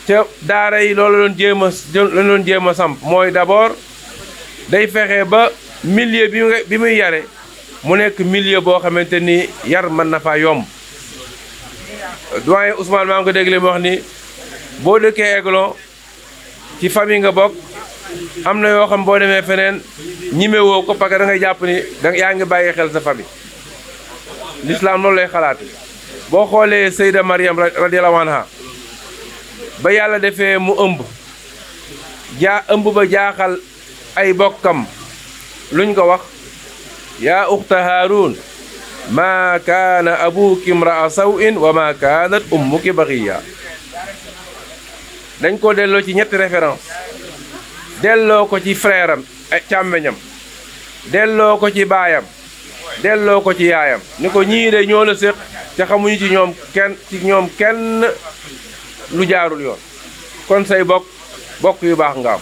S4: ca daara yi loolu la doon jéem a la jéem a samp mooy d'abord day fexe ba milieu bi bi muy yare mu nekk milieu boo xamante ni yar mën na faa yomb doyen Ousmane maa ngi ko dégg li mu ni boo dëkkee Aiglon ci famille nga bokk am na yoo xam boo demee feneen ñimewoo ko parce que da jàpp ni da yaa ngi bàyyi xel sa fami l'islam loolu lay xalaat boo xoolee Seyda Mariam radiyallahu anha ba yàlla defee mu ëmb jaa ëmb ba jaaxal ay bokkam luñ ko wax yaa uxta haaruun abu kaana abuki imraa sawin wa maa kaanat ummuki baxiya dañ ko delloo ci ñetti référence delloo ko ci frère am eh, càmmeñam delloo ko ci baayam delloo ko ci yaayam ni ko ñii de ñoo la séq te xamuñu ci ñoom kenn lu jaarul yoon kon say bokk bokk yu baax nga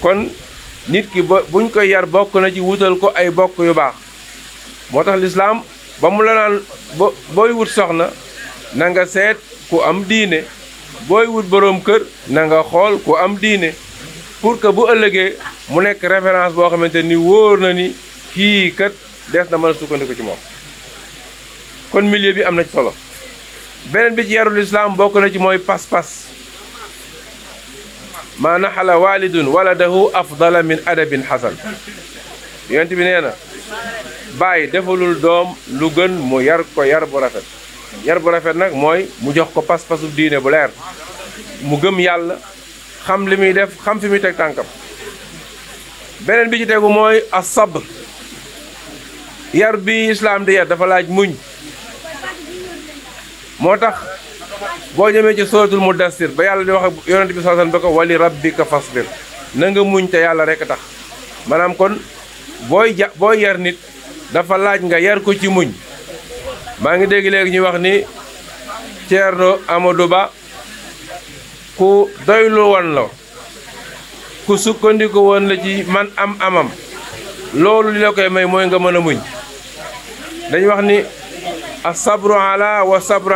S4: kon nit ki ba buñ koy yar bokk na ci wutal ko ay bokk yu baax moo tax lislaam ba mu la naan booy wut soxna na nga seet ku am diine booy wut boroom kër na nga xool ku am diine pour que bu ëllëgee mu nekk référence boo xamante ni wóor na ni kii kat des na mën a sukkandiku ci moom kon milieu bi am na ci solo beneen bi ci yarul islaam bokk na ci mooy pas-pas maa naxala waalidun waladahu afdala min adabin xasan yonent bi nee na bàyyi defalul doom lu gën mu yar ko yar bu rafet yar bu rafet nag mooy mu jox ko pas-pasu diine bu leer mu gëm yàlla xam li muy def xam fi muy teg tànkam beneen bi ci tegu mooy asabr yar bi islaam di yar dafa laaj muñ moo tax boo ñemee ci mu mudassir ba yàlla di wax ak yonent bi sallallahu alayhi wasallam ba ko wali rabbika fasbir na nga muñ te yàlla rek tax maanaam kon booy ja booy yar nit dafa laaj nga yar ko ci muñ maa ngi dégg léegi ñuy wax ni Thierno Amadou Ba ku doylu woon la ku sukkandiku woon la ci man am amam loolu li la koy may mooy nga mën a muñ dañu wax ni as sabru ala wa sabru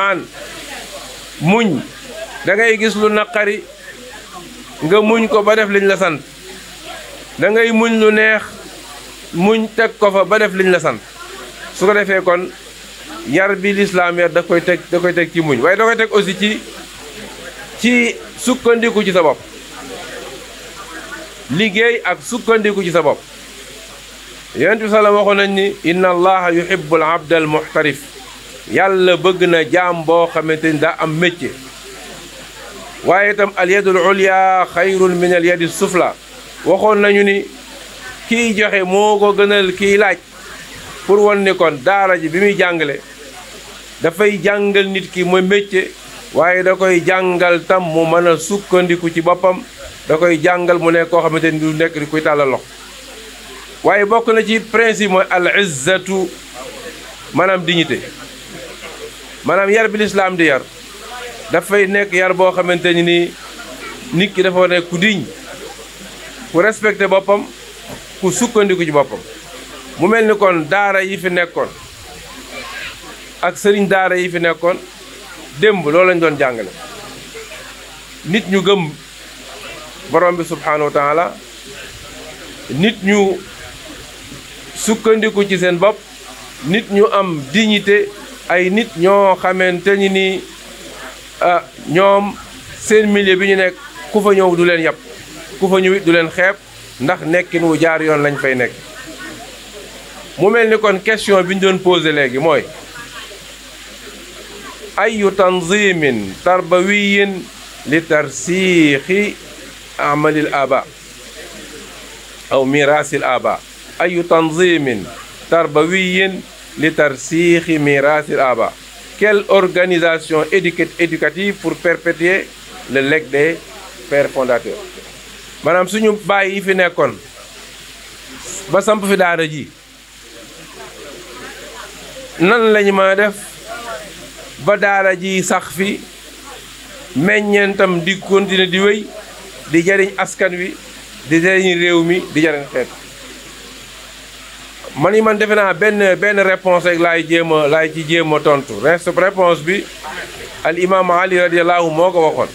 S4: muñ dangay gis lu naqari nga muñ ko ba def liñ la sant dangay muñ lu neex muñ teg ko fa ba def liñ la sant su ko defee kon yar bi lislaam yar da koy teg da koy teg ci muñ waaye da koy teg aussi ci ci sukkandiku ci sa bopp liggéey ak sukkandiku ci sa bopp yonent bi salaam waxoon nañ ni inna allaha yuhibbul abdal muxtarif yàlla bëgg na jaam boo xamante ni daa am métier waaye itam al yadul ulya xayrun min al yadi sufla waxoon nañu ni kiy joxe moo ko gënal kiy laaj pour wan ni daara ji bi muy jàngale dafay jàngal nit ki mooy métier waaye da koy jàngal tam mu mën a sukkandiku ci boppam da koy jàngal mu nekk koo xamante ni du nekk di kuy tàllal waaye bokk na ci principe mooy al izzatu maanaam dignité maanaam yar bi lislaam di yar dafay nekk yar boo xamante ni nii nit ki dafa nekk ku diñ ku respecté boppam ku sukkandiku ci boppam mu mel ni kon daara yi fi nekkoon ak sëriñ daara yi fi nekkoon démb loolu lañ doon jàngale nit ñu gëm borom bi subhaanahu wa taala nit ñu sukkandiku ci seen bopp nit ñu am dignité ay nit ñoo xamante ñi ni ah, ñoom seen milieu bi ñu nekk ku fa ñëw du leen yàpp ku fa du leen xeeb ndax nekkin wu jaar yoon lañ fay nekk mu mel ni kon question bi ñu doon posé léegi mooy ayu tanzimin tarbawiyin li tarsiixi amalil aba aw mirasil aba ayu tanzimin tarbawiyin لترسيخ ميراث الآباء quelle organisation éducative pour perpétuer le legs des pères fondateurs maanaam suñu bàyyi yi fi nekkoon ba samp fi daara ji nan lañu ma def ba daara ji sax fi meññeentam di continuer di wéy di jariñ askan wi di jariñ réew mi di jariñ xeet man yi man defe naa benn benn réponse rek laay jéem laay ci jéem a tontu réponse bi al imam ali radiallahu moo ko waxoon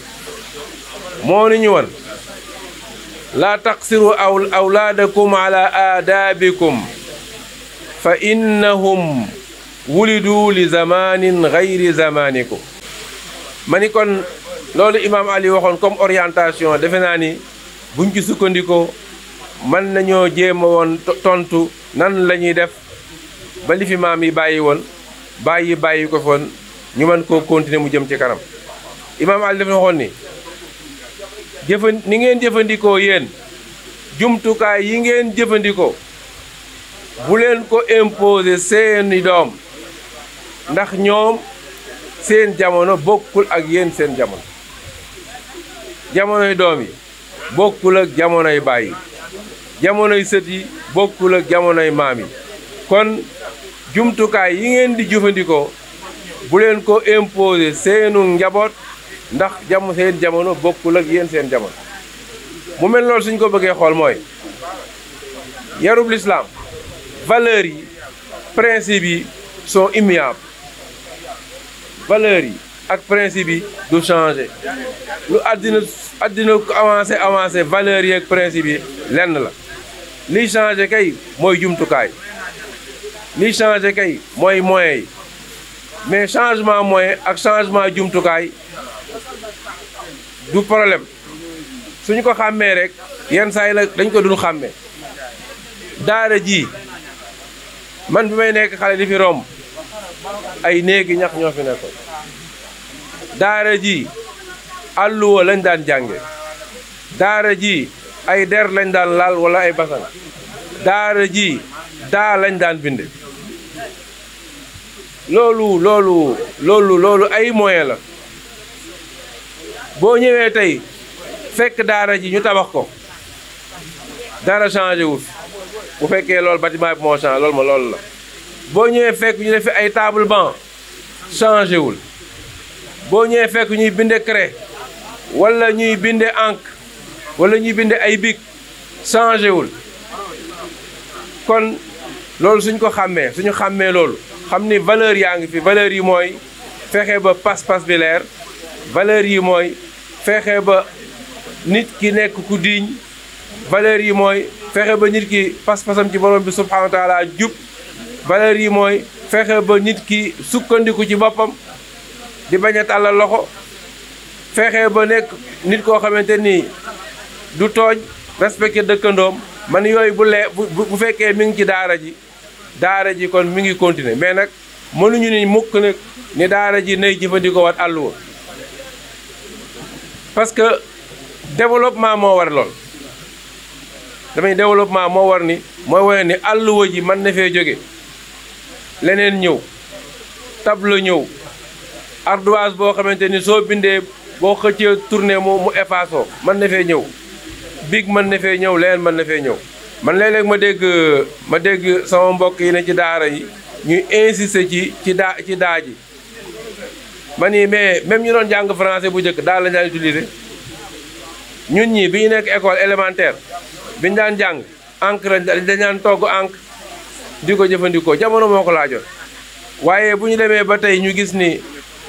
S4: moo ni ñu won laa taqsiru aw awlaadakum ala fa innahum wulidu li zamanin gayri zamanikum ma kon loolu imam ali waxoon comme orientation defe naa ni buñ ci sukkandikoo mën nañoo jéem a woon tontu nan lañuy def ba li fi yi bàyyi woon bàyyi bàyyi ko foon ñu mën koo continuer mu jëm ci kanam imaam Ali dafa waxoon ni jëfan ni ngeen jëfandikoo yéen jumtukaay yi ngeen jëfandikoo bu leen ko imposer seeni doom ndax ñoom seen jamono bokkul ak yéen seen jamono jamonoy doom yi bokkul ak jamonoy bàyyi jamonoy sët yi bokkul ak jamonoy maam yi kon jumtukaay yi ngeen di jëfandikoo bu leen ko imposé seenu njaboot ndax jam seen jamono bokkul ak yéen seen jamono mu mel loolu suñ ko bëggee xool mooy yarub lislaam valeurs yi principes yi sont immuables valeurs yi ak principe yi du changer lu àddina àddina avancé avancé valeurs yi ak principes lenn la liy changé kay mooy jumtukaay liy changé kay mooy moyens mais changement moyen ak changement jumtukaay du problème suñ ko xàmmee rek yenn saa yi dañ ko dul xàmmee daara ji man bi may nekk xale di fi romb ay néegi ñax ñoo fi nekkoon daara ji àlluwa lañ daan jànge daara ji ay der lañ daan laal wala ay basan daara ji daa lañ daan bind loolu loolu loolu loolu ay moyen la boo ñëwee tey fekk daara ji ñu tabax ko dara changé wul bu fekkee loolu bâtiment bi moo changé loolu ma loolu la boo ñëwee fekk ñu def ay table banc changé wul boo ñëwee fekk ñuy binde craie walla ñuy bindee encre wala ñuy bind ay bic changé wul kon loolu suñ ko xàmmee suñu xàmmee loolu xam ni valeur yaa ngi fi valeur yi mooy fexe ba pas-pas bi leer valeur yi mooy fexe ba nit ki nekk ku diiñ valeur yi mooy fexe ba nit ki pas-pasam ci borom bi subhanahu wa taala jub valeur yi mooy fexe ba nit ki sukkandiku ci boppam di bañ a tàllal loxo fexe ba nekk nit koo xamante nii du tooñ respecté dëkkandoom man yooyu bu lee bu fekkee mi ngi ci daara ji daara ji kon mi ngi continuer mais nag mënuñu ni mukk nag ni daara ji nay jëfandikoo wat àlluwa parce que développement moo war lool damay développement moo war ni mooy wone ni àlluwa ji man na fee jóge leneen ñëw tableau ñëw ardoise boo xamante ni soo bindee boo xëccee tournée mu mu effacé mën na fee ñëw biig mën na fee ñëw leen mën na fee ñëw man léeg-léeg ma dégg ma dégg sama mbokk yi ne ci daara yi ñuy insister ci ci daa ci daa ji ma nii mais même ñu doon jàng français bu njëkk daal lañ daan utiliser ñun ñii bi ñu nekk école élémentaire bi daan jàng encre dañ daan togg encre di ko jëfandikoo jamono moo ko laajoon waaye bu ñu demee ba tey ñu gis ni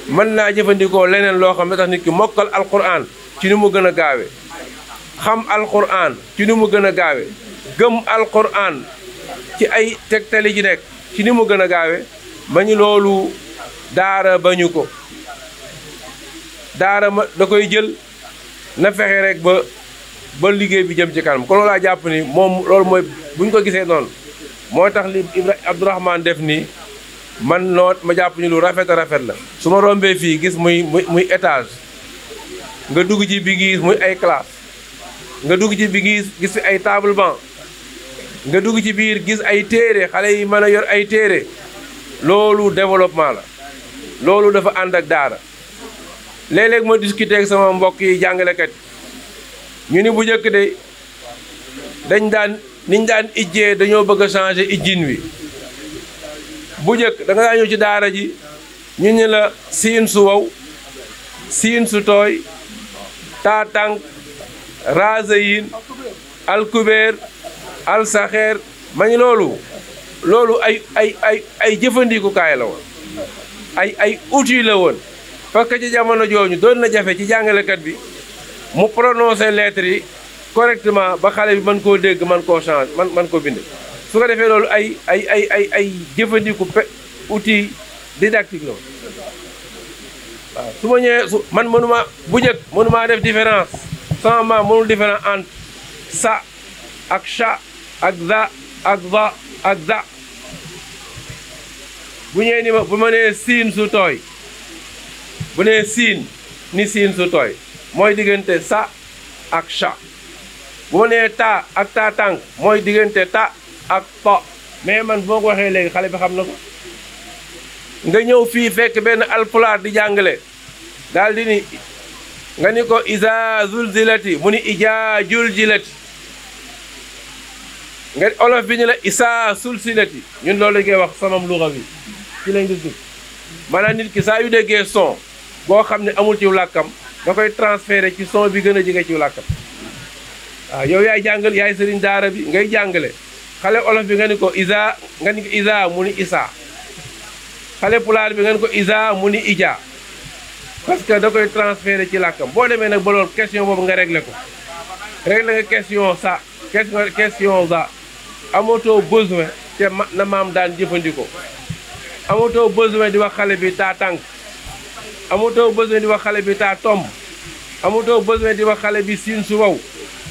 S4: mën naa jëfandikoo leneen loo xam ne tax nit ki mokkal alquran ci ni mu gën a gaawee xam alquran ci ni mu gën a gaawe gëm alquran ci ay tegtali ji nekk ci ni mu gën a gaawe ma ñu loolu daara bañu ko daara ma da koy jël na fexe rek ba ba liggéey bi jëm ci kanam kon loolaa jàpp ni moom loolu mooy bu ñu ko gisee noonu moo tax li Ibra Abdourahmane def nii man noo ma jàpp ni lu rafet a rafet la su ma rombee fii gis muy muy muy nga dugg ci bi ngi gis muy ay classe nga dugg ci bi gis gis fi ay table banc nga dugg ci biir gis ay téere xale yi mën a yor ay téere loolu développement la loolu dafa ànd ak daara léeg-léeg ma discuter sama mbokk yi jàngalekat ñu ni bu njëkk de dañ daan niñ daan ijjee dañoo bëgg a changer ijjin wi bu njëkk da ci daara ji ñu ni la siin su wow siin su tooy taatànk raazayin alkubeer alsaxeer ma loolu loolu ay ay ay ay jëfandikukaay la woon ay ay outil la woon fakk ci jamono jooju doon na jafe ci jàngalekat bi mu prononcer lettres yi correctement ba xale bi mën koo dégg man koo change man mën koo bind su ko defee loolu ay ay ay ay ay jëfandiku pe outil didactique la woon waaw su ma ñëwee man mënumaa bu njëkk mënumaa def différence sama maam mënul différent entre sa ak cha ak za ak za ak za bu ñëwee ni ma bu ma nee siin su bu nee siin ni siin su mooy diggante sa ak cha bu ma taa ak taa mooy diggante ta ak to mais man boo ko waxee léegi xale bi xam na nga ñëw fii fekk benn alpulaar di jàngale daal ni nga ni ko isa zulzilati mu ni ija juljilati nga olof bi ni la isa sulsilati ñun loolu lañ koy wax samam luxa bi ci lañ di dugg maanaam nit ki saa yu déggee son boo xam ne amul ci lakkam nga koy transféré ci son bi gën a jege ci làkkam waaw ah, yow yaay jàngal yaay sëriñ daara bi ngay jàngale xale olof bi nga ni ko isa nga ni ko isa mu ni isa xale pulaar bi nga ni ko isa mu ni ija parce que da koy transféré ci làkkam boo demee na ba loolu question boobu nga réglé ko réglé nga question ça question ça amatoo besoin te na maam daan jëfandikoo amatoo besoin di wax xale bi taa tànk amatoo besoin di wax xale bi taa tomb amatoo besoin di wax xale bi siin su wow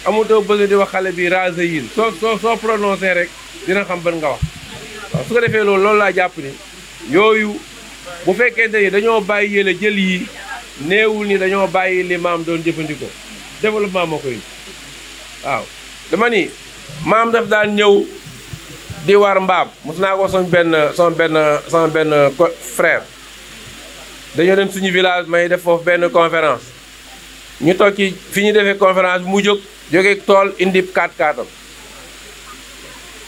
S4: amatoo besoin di wax xale bi rase yin soo soo soo rek dina xam ban nga wax waaw su ko laa jàpp ni bu fekkente ni dañoo bàyyi yële jël yi néewul ni dañoo bàyyi li maam doon jëfandikoo développement moo koy waaw dama ni maam daf daan ñëw di war mbaam mos naa ko sama benn sama benn sama benn frère dañoo dem suñu village may def foofu benn conférence ñu toog ci fi ñu defee conférence bi mu jóg jógee tool indi kaat kaatam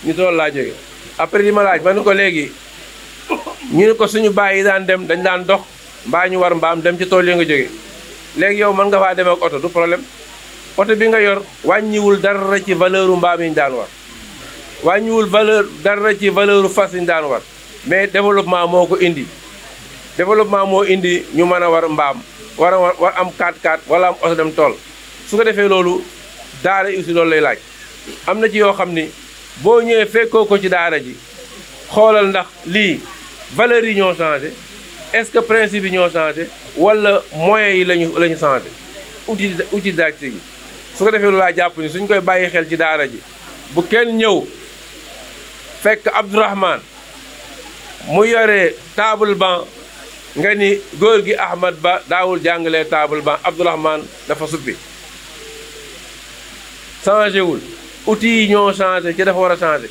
S4: ñu tool laa jóge après di ma laaj ma ko léegi ñu ne ko suñu baay yi daan dem dañ daan dox mbaa ñu war mbaam dem ci tool yi nga jóge léegi yow mën nga faa demee oto du problème oto bi nga yor wàññiwul dara ci valeuru mbaam yi ñu daan war wàññiwul valeur dara ci valeuru fas yi ñu daan war mais développement moo ko indi développement moo indi ñu man a war mbaam war a war am 4x4 wala am oto dem tool su ko defee loolu daara aussi loolu lay laaj am na ci yoo xam ni boo ñëwee fekkoo ko ci daara ji xoolal ndax lii valeurs yi ñoo changé est-ce que principe yi ñoo sangé walla moyens yi lañu la ñu changé outil outil didactique yi su ko defee lu laa jàpp ni suñ koy bàyyi xel ci daara ji bu kenn ñëw fekk Abdourahman mu yore table ban nga ni góor gi Ahmad Ba daawul jàngalee table ban Abdourahman dafa suppi changé wul outil yi ñoo changé ci dafa war a changé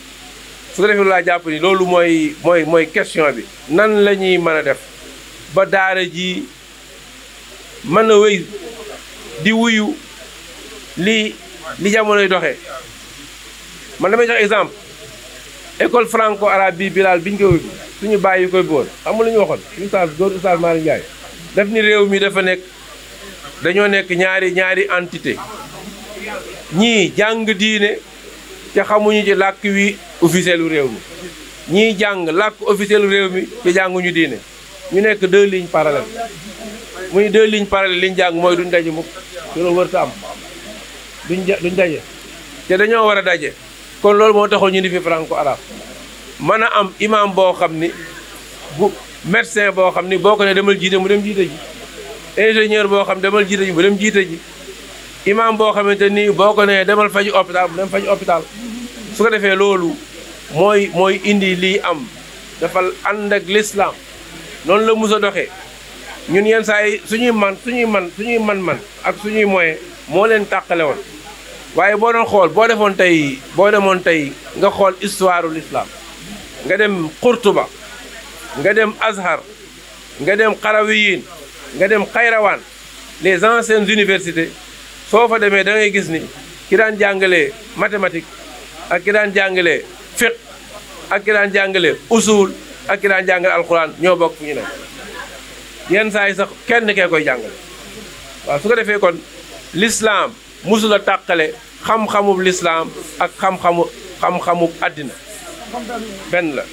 S4: su ko defee laa jàpp ni loolu mooy mooy mooy question bi nan la ñuy mën a def ba daara ji man a wéy di wuyu li li jamonoy doxee man damay jox exemple école franco arabe bi bilaal bi ñu koy suñu bàyyi yu koy boon xam nga lu ñu waxoon ustaas góor ustaas Malick Ndiaye daf ni réew mi dafa nekk dañoo nekk ñaari ñaari antité ñii jàng diine te xamuñu ji làkk wi officiel u réew mi ñiy jàng làkk officiel u réew mi ci jànguñu diine ñu nekk deux lignes parallèles muy deux lignes parallèles li jàng mooy duñ daje mukk te loolu wërta am duñ duñ daje te dañoo war a daje kon loolu moo taxoon ñu ni fi franco arabe mën a am imam boo xam ni bu médecin boo xam ni boo ko ne demal jiite mu dem jiite ji ingénieur boo xam demal jiite ji mu dem jiite ji imaam boo xamante nii boo ko nee demal faji hôpital mu dem faji hôpital su ko defee loolu mooy mooy indi lii am dafa ànd ak lislaam noonu la mus a doxee ñun yenn saa suñuy man suñuy man suñuy man-man ak suñuy moyen moo leen tàqale woon waaye boo doon xool boo defoon tey boo demoon tey nga xool histoire lislaam nga dem Qurtuba nga dem Azhar nga dem Qarawiyin nga dem Xayrawaan les anciennes universités soo fa demee dangay gis ni ki jàngale jàngalee ak ki jàngale jàngalee ak ki jàngale jàngalee usul ak ki daan jàngale alxuraan ñoo bokk ñu ne yenn saa yi sax kenn kee koy jàngale waaw su ko defee kon lislaam musula tàqale xam-xamub lislaam ak xam-xamu xamub àddina benn la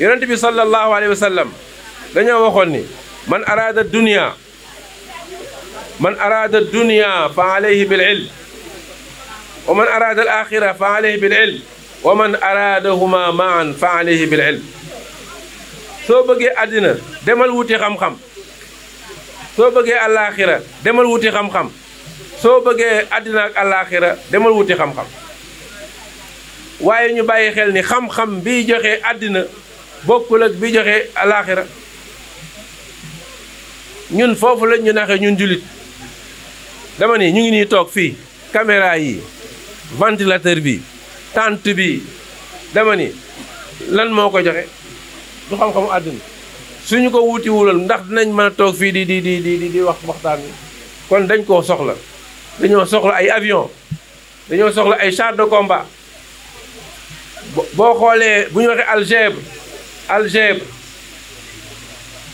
S4: yeneen bi sallallahu alayhi wa sallam dañoo waxoon ni man araada dunia man araada dunia fa alayhi bil ilm wa man araada al fa alayhi bil wa man araadahuma maan fa alayhi bil soo bëggee àddina demal wuti xam-xam soo bëggee àllaaxira demal wuti xam soo bëggee àddina demal wuti xam-xam waaye ñu bàyyi xel ni xam-xam biy joxe àddina bokkul ak bi joxe àllaaxira ñun foofu lañ ñu naxe ñun julit dama ni ñu ngi nii toog fii caméra yi ventilateur bi tànt bi dama ni lan moo ko joxe du xam-xamu àdduna suñu ko wuti wulal ndax nañ mën toog fii di di di di di wax waxtaan bi kon dañ koo soxla dañoo soxla ay avion dañoo soxla ay char de combat boo xoolee bu ñu waxee algèbre algèbre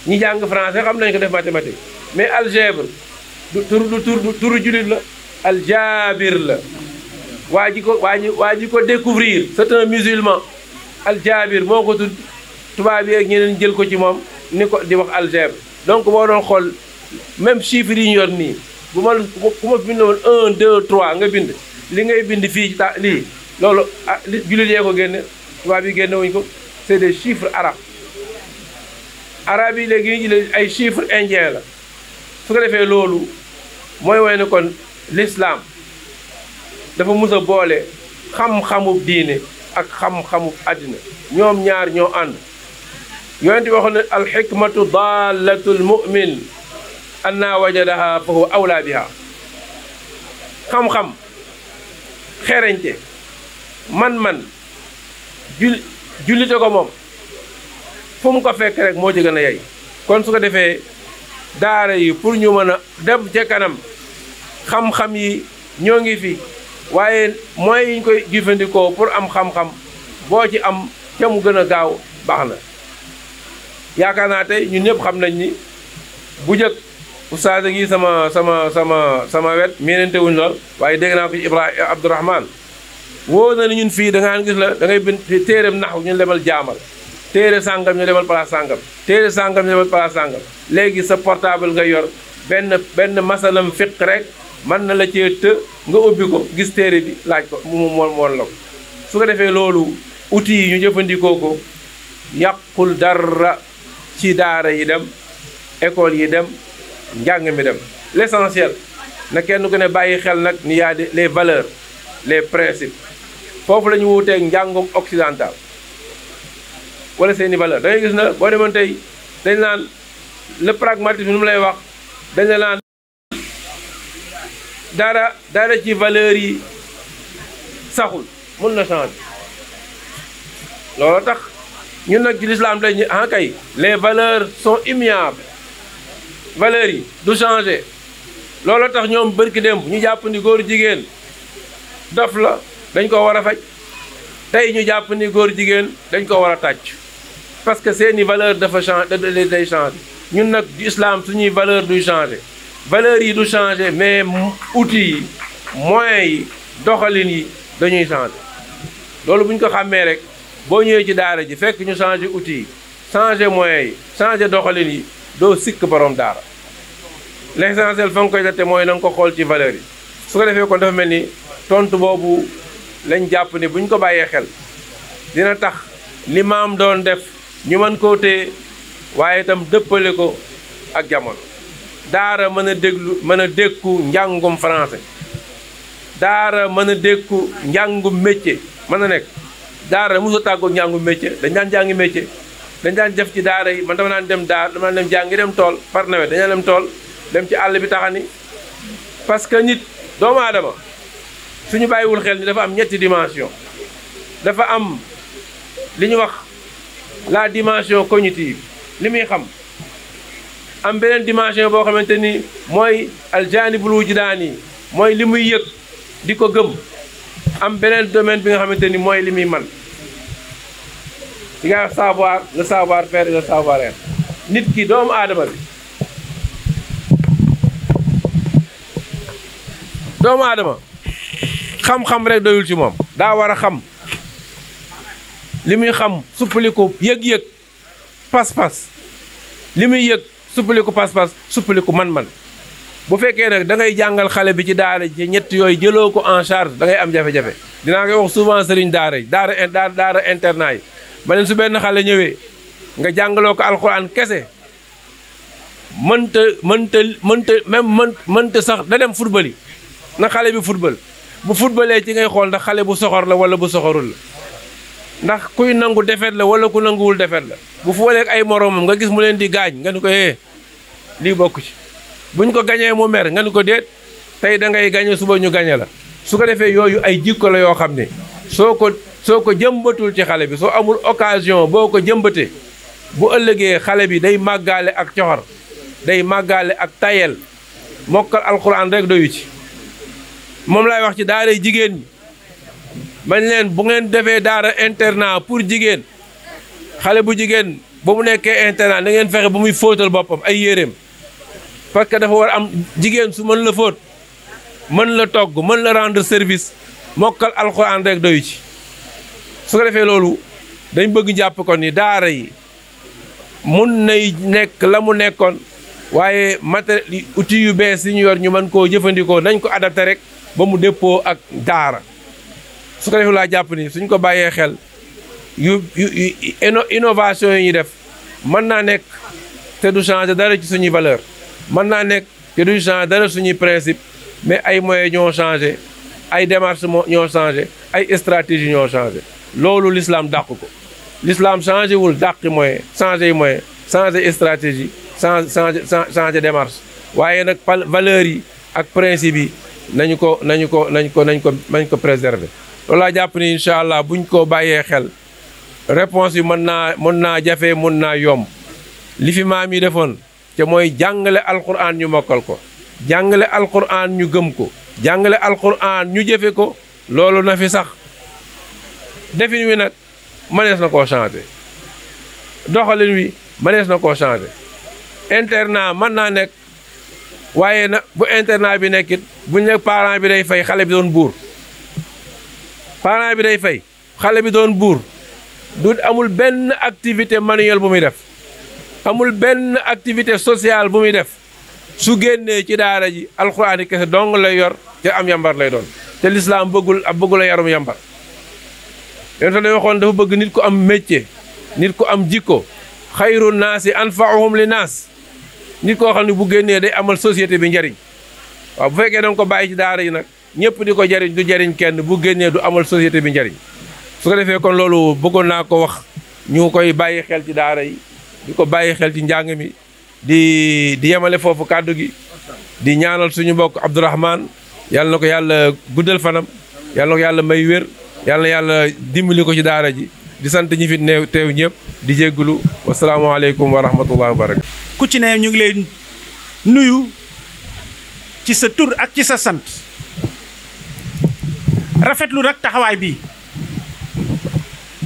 S4: ñi jàng français xam nañ ko def mathématique mais algèbre du tur du tur du la aljaabir la waa ji ko waa ji waa ji ko découvrir c'est un musulman aljaabir moo ko tudd tubaab yi ak ñeneen jël ko ci moom ni ko di wax algèbre donc boo doon xool même chiffres yi ñu nii bu ma ku ma bind woon un deux trois nga bind li ngay bind fii lii loolu ah li jullit yee ko génn tubaab yi génne wuñu ko c'est des chiffres arabes arabes yi léegi ñu ay chiffres indiens la su ko defee loolu mooy woy ne kon lislaam dafa mus a boole xam-xamub diine ak xam-xamub àddina ñoom ñaar ñoo ànd yonent bi waxoon ne alxikmatu daalatul mu'min anna wajadaha fa huwa awlaa xam-xam xereñte man-man jul jullite ko moom fu mu ko fekk rek moo ci gën a yey kon su ko defee daara yi pour ñu mën a dem ca kanam xam-xam yi ñoo ngi fi waaye moyens yi ñu koy jëfandikoo pour am xam-xam boo ci am ca mu gën a gaaw baax na yaakaar naa tey ñun ñëpp xam nañ ni bu njëkk oustaz gi sama sama sama sama wet miinante wuñ lool waaye dégg naa ko ci Ibrahima eh, Abdourahman wóor na ni ñun fii da gis la da ngay bind téereem nax ñu lemal jaamal téere sàngam ñu demal place sàngam téere sàngam ñu demal place sàngam léegi sa portable nga yor benn benn masalam fiq rek mën na la cee të nga ubbi ko gis téere bi laaj ko mu moon moon la ko su ko defee loolu outils yi ñu jëfandikoo ko yàqul dara ci daara yi dem école yi dem njàng mi dem l'essentiel na kenn ku ne bàyyi xel nag ni yaa di les valeurs les principes foofu la ñu wuuteeg njàngum occidental wala seeni valeur da gis na boo demoon tey dañ naan le pragmatisme nu mu lay wax dañ la dara dara ci valeur yi saxul mun na changer loolu tax ñun nag ci lislaam lay ñu ah kay les valeurs sont immuables valeurs yi du changer loolu tax ñoom bërki démb ñu jàpp ni góor jigéen dof la dañ ko war a faj tey ñu jàpp ni góor jigéen dañ ko war a tàcc parce que seeni valeur dafa dee day changer ñun nag du islam suñuy valeur duy changer valeurs yi du changé mais outils yi moyens yi doxalin yi dañuy changé loolu bu ñu ko xàmmee rek boo ñëwee ci daara ji fekk ñu changé outils yi changé moyen yi changé doxalin yi doo sikk borom daara l'essentiel fa nga koy jotee mooy na nga ko xool ci valeurs yi su ko defee ko dafa mel ni tontu boobu lañ jàpp ne bu ñu ko bàyyee xel dina tax li maam doon def ñu mën koo téye waaye itam dëppale ko ak jamono. daara mën a déglu mën a dékku njàngum français daara mën a dékku njàngum métier mën a nekk daara mos a tàggoo njàngum métier dañ daan jàngi métier dañ daan def ci daara yi man dama naan dem daar dama naan dem jàngi dem tool par nawet dañaa dem tool dem ci àll bi taxani parce que nit doomu aadama suñu bàyyiwul xel ni dafa am ñetti dimension dafa am li ñu wax la dimension cognitive li muy xam am beneen dimension boo xamante ni mooy aljaanibul wujdaani yi mooy li muy yëg di ko gëm am beneen domaine bi nga xamante ni mooy li muy man di nga savoir le savoir faire et le nit ki doomu aadama bi doomu aadama xam-xam rek doyul ci moom daa war a xam li muy xam suppaliku yëg-yëg pas-pas li muy yëg suppaliku pas-pas suppaliku man-man bu fekkee nag da ngay jàngal xale bi ci daara ci ñett yooyu jëloo ko en charge da ngay am jafe-jafe dinaa koy wax souvent sëriñ daara yi daara daara internat yi ma leen su benn xale ñëwee nga jàngaloo ko alxuraan kese mënta mënta mënta même mën mënta sax da dem football na xale bi football bu footballee ci ngay xool ndax xale bu soxor la wala bu soxorul la ndax kuy nangu defet la wala ku nanguwul defet la bu fooleeg ay moroomam nga gis mu leen di gaañ nga nu ko eh lii bokk ci buñ ko gañee mu mer nga nu ko déet tey da ngay gañe suba ñu gañe la su ko defee yooyu ay jikko la yoo xam ne soo ko soo ko jëmbatul ci xale bi soo amul occasion boo ko jëmbatee bu ëllëgee xale bi day màggaale ak coxor day màggaale ak tayel mokkal alxuraan rek doyu ci moom lay wax ci daaray jigéen ñi mañ leen bu ngeen defee daara internat pour jigéen xale bu jigéen ba mu nekkee internat da ngeen fexe ba muy fóotal boppam ay yéreem parce que dafa war am jigéen su mën la fóot mën la togg mën la rendre service mokkal alxuraan rek doyu ci su ko defee loolu dañ bëgg jàpp ko ni daara yi mun nay nekk la mu nekkoon waaye matériel outil yu bees yi ñu yor ñu mën koo jëfandikoo nañ ko adapté rek ba mu dëppoo ak daara su ko defee laa jàpp ni suñ ko bàyyee xel yu yu innovation yi ñuy def mën naa nekk te du changer dara ci suñuy valeur mën naa nekk te du changer dara suñuy principe mais ay moyens ñoo changé ay démarches moo ñoo changé ay stratégie ñoo changé loolu l'islam dàq ko lislaam changé wul dàqi moyen changé yi moyen changé stratégie changé changé démarche waaye nag valeurs yi ak principe yi nañu ko nañu ko nañ ko nañ ko nañ ko préserver loolaa jàpp ni incha allah buñ ko bàyyee xel réponse yi mën naa mën naa jafe mën naa yomb li fi maam yi defoon te mooy jàngale alquran ñu mokkal ko jàngale alquran ñu gëm ko jàngale alquran ñu jëfe ko loolu na fi sax defin wi nag mënees na ko changé doxalin wi mënees na ko changé internat mën naa nekk waaye na bu internat bi nekkit buñ ne parent bi day fay xale bi doon buur parent bi day fay xale bi doon buur du amul benn activité manuelle bu muy def amul benn activité sociale bu muy def su génnee ci daara ji alxuraani kese dong lay yor ca am yambar lay doon te lislaam bëggul ab bëggul a yarum yambar yonent day waxoon dafa bëgg nit ku am métier nit ku am jikko xayru naasi anfaahum li naas nit koo xam ne bu génnee day amal société bi njariñ waaw bu fekkee danga ko bàyyi ci daara ji nag ñëpp di ko jariñ du jariñ kenn bu génnee du amal société bi njariñ su ko defee kon loolu bëggoon naa ko wax ñu koy bàyyi xel ci daara yi di ko bàyyi xel ci njàng mi di di yemale foofu kàddu gi di ñaanal suñu mbokk Abdourahman yàlla na ko yàlla guddal fanam yàlla na ko yàlla may wér yàlla na yàlla dimbali ko ci daara ji di sant ñi fi neew teew ñëpp di jéggulu wasalaamaaleykum wa rahmatullahi wa barakatu ku ci ne ñu ngi lay
S1: nuyu ci sa tur ak ci sa sant rafetlu nag taxawaay bi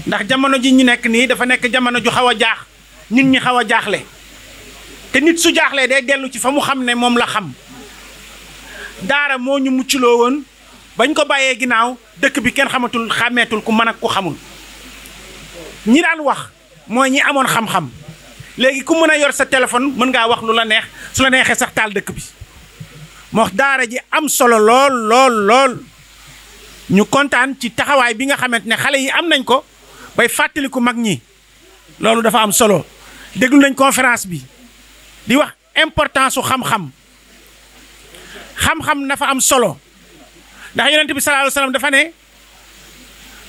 S1: ndax jamono ji ñu nekk nii dafa nekk jamono ju xaw a jaax nit ñi xaw a jaaxle te nit su jaaxlee day dellu ci fa mu xam ne moom la xam daara moo ñu muccloo woon bañ ko bàyyee ginnaaw dëkk bi kenn xamatul xàmmeetul ku mën ak ku xamul ñi daan wax mooy ñi amoon xam-xam léegi ku mën a yor sa téléphone mën ngaa wax lu la neex su la neexee sax taal dëkk bi moo daara ji am solo lool lool lool ñu kontaan ci taxawaay bi nga xamante ne xale yi am nañ ko bay fàttaliku mag ñi loolu dafa am solo déglu nañ conférence bi di wax importance su xam-xam xam-xam dafa am solo ndax yonent bi sallallahu alayhi wasallam dafa ne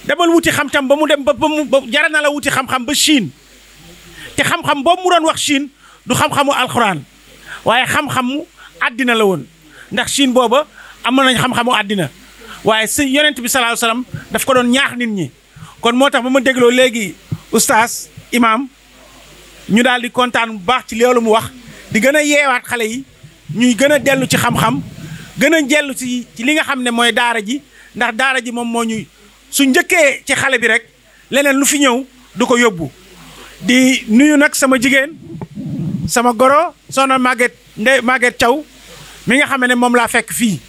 S1: demal wuti xam ba mu dem ba ba jaral na la wuti xam-xam ba chiine te xam-xam boobu mu doon wax Chine du xam-xamu alxuraan waaye xam-xamu àddina la woon ndax Chine booba am nañ xam-xamu àddina. waaye si yonent bi salaahu salaam daf ko doon ñaax nit ñi kon moo tax ba ma dégloo léegi oustaz imaam ñu daal di kontaan bu baax ci loolu mu wax di gën a yeewaat xale yi ñuy gën a dellu ci xam-xam gën a dellu ci ci li nga xam ne mooy daara ji ndax daara ji moom moo ñuy su njëkkee ci xale bi rek leneen lu fi ñëw du ko yóbbu di nuyu nag sama jigéen sama goro soxna Maguette Ndeye Maguette Thiaw mi nga xam ne moom laa fekk fii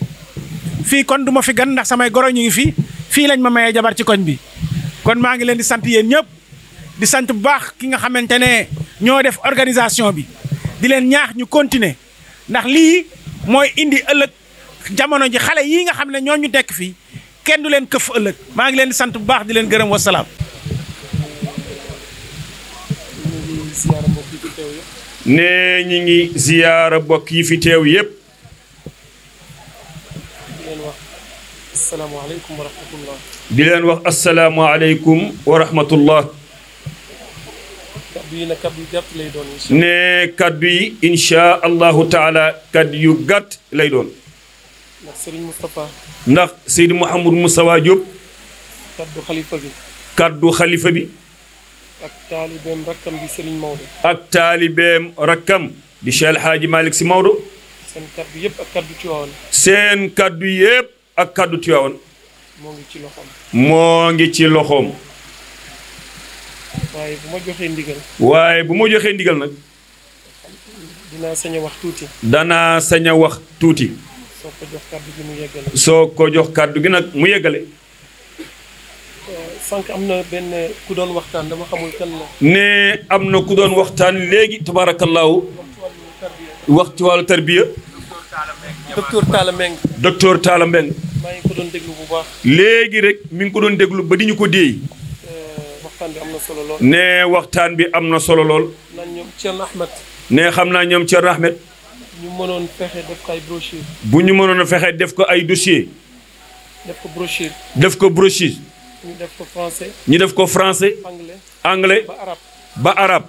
S1: fii kon du ma fi gan ndax samay goro ñu ngi fi fii lañ ma mayee jabar ci koñ bi kon maa ngi leen di sant yéen ñëpp di sant bu baax ki nga xamante ne ñoo def organisation bi di leen ñaax ñu continuer ndax lii mooy indi ëllëg jamono ji xale yii nga xam ne ñoo ñu nekk fii
S5: kenn du leen këf ëllëg maa ngi leen di sant bu baax di leen gërëm wasalaam.
S6: nee ñi ngi ziyaara mbokk yi fi teew yëpp.
S7: asalaamaaleykum wa rahmatullah.
S6: di leen wax asalaamaaleykum wa rahmatullah.
S7: kaddu yi nag kaddu yu gàtt lay doon.
S6: ne kaddu yi incha allahu taala kaddu yu gàtt lay doon.
S7: ndax Serigne Moustapha.
S6: ndax Seydi Mouhamadou Moustapha Diop.
S7: kaddu xalifa bi.
S6: kaddu xalifa bi.
S7: ak taalibeem rakkam di Serigne Maodo.
S6: ak taalibeem rakkam di Cheikh El Hadji Malick Sy Maodo.
S7: seen kaddu yëpp ak kaddu Tiwaawan.
S6: seen kaddu yëpp. ak kàddu Tiwaawan
S7: moo ngi ci loxoom.
S6: moo ngi ci loxoom.
S7: waaye bu ma joxee ndigal.
S6: waaye bu ma joxee ndigal nag.
S7: danaa sañ wax tuuti.
S6: danaa saña wax tuuti.
S7: soo ko jox kàddu gi mu
S6: soo ko jox kàddu gi nag mu yeggale.
S7: Euh, sànq am na benn ku doon waxtaan dama xamul kan la.
S6: ne am na ku doon waxtaan léegi tabaarakallaahu. wax ci wàllu tarbiya. docteur Talla Mbengue. docteur Talla Mbengue.
S7: maa ngi ko doon déglu bu baax.
S6: léegi rek mi ngi ko doon déglu ba di ñu ko déey.
S7: waxtaan bi nee
S6: waxtaan bi am na solo lool.
S7: naan ñoom Thierno
S6: nee xam naa ñoom Thierno Ahmed.
S7: ñu mënoon fexe def ko ay brochure.
S6: bu ñu mënoon a fexe def ko ay dossier
S7: def ko brochure.
S6: def ko brochure.
S7: ñu def ko français.
S6: ñu def ko français. anglais anglais ba arab. ba arab.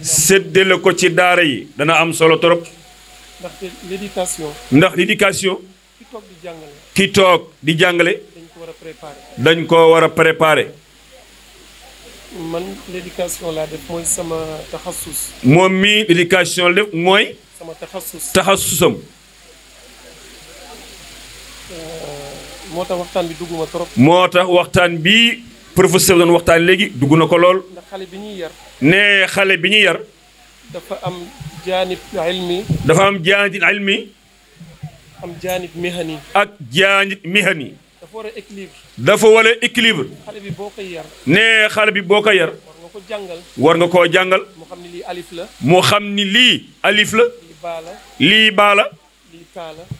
S6: séddale ko ci daara yi dana am solo trop.
S7: ndaxte l'éducation.
S6: ndax l'éducation.
S7: ki toog di jàngale.
S6: ki toog di jàngale.
S7: dañ ko war a préparer.
S6: dañ koo war a préparer.
S7: man l'éducation laa def sama taxasus.
S6: moom mi l'éducation la def mooy.
S7: sama taxasus
S6: taxasusam.
S7: Euh, moo tax waxtaan bi dugg ma
S6: moo tax waxtaan bi professeur doon waxtaan léegi dugg na ko lool. ndax xale bi ñuy yar. nee xale bi ñuy yar. dafa am. jaanib ilmi. dafa am jaanib ilmi. am jaanib mihani. ak jaanib mihani. dafa war a équilibre. dafa
S7: xale bi boo ko yar.
S6: nee xale bi boo ko yar. war nga koo jàngal. war nga ko jàngal.
S7: mu xam ni lii alif la.
S6: mu xam ni lii alif lii baa la.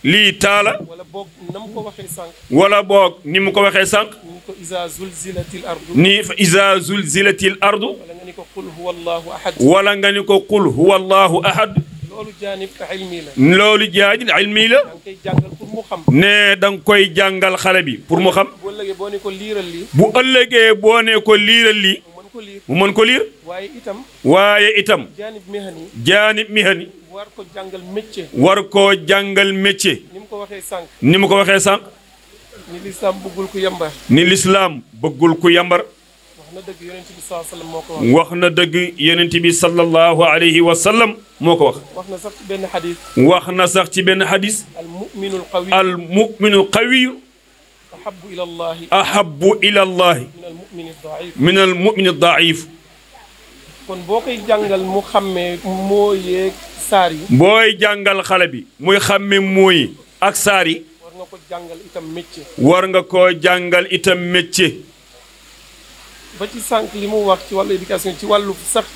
S6: lii taala
S7: wala boog ni mu ko waxee sànq.
S6: wala boog ni mu ko waxee sànq.
S7: ni ko izaa zulzilatil ardu. ni fa
S6: izaa zulzilatil ardu.
S7: wala nga ko qul huwa allahu ahad.
S6: wala nga ni ko qul huwa allahu ahad.
S7: loolu jaanib ilmi
S6: la. loolu jaanib ilmi la. da nga xam. nee da nga koy jàngal xale bi pour mu xam.
S7: bu ëllëgee boo ne ko liiral lii. bu
S6: ëllëgee boo ne ko liiral lii. mu mën ko liir. waaye itam. waaye itam. jaanib
S7: war ko jàngal métier. war
S6: jàngal métier.
S7: ni mu ko waxee sànq.
S6: ni mu ko waxee sànq.
S7: ni lislaam bëggul yambar.
S6: ni lislaam bëggul ko yambar.
S7: wax na dëgg yonent sallallahu
S6: dëgg yonent bi sallallahu alayhi wa sallam moo ko wax.
S7: wax na sax benn xadis.
S6: wax na sax ci benn xadis. al ilallahi. min al mu'mini daif.
S7: kon boo koy jàngal mu xàmmee moo yeeg saar yi. booy
S6: jàngal xale bi. muy xàmmee moo ak saar yi.
S7: war nga ko jàngal itam métier. war
S6: nga koo jàngal itam métier.
S7: ba ci sànq li mu wax ci wàllu éducation
S6: ci wàllu sax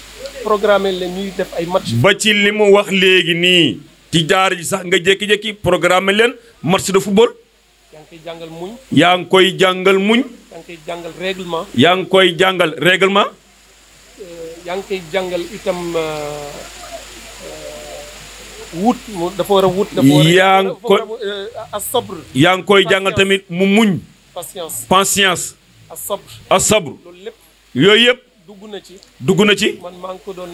S6: programme leen ñuy def ay match. ba ci li mu wax léegi nii. ci jaar ji sax nga jékki-jékki programme leen match de football.
S7: yaa ngi koy jàngal muñ.
S6: yaa ngi koy jàngal muñ.
S7: yaa jàngal règlement.
S6: yaa ngi koy jàngal règlement.
S7: yaa ngi koy jàngal itam euh, euh, wut
S6: dafa war a wut. dafa yaa ngi ko
S7: euh, yaa ngi koy jàngal
S6: tamit mu muñ. patience a asabr asabr. loolu lépp yooyu yëpp. dugg na ci dugg na ci.
S7: man maa ngi ko doon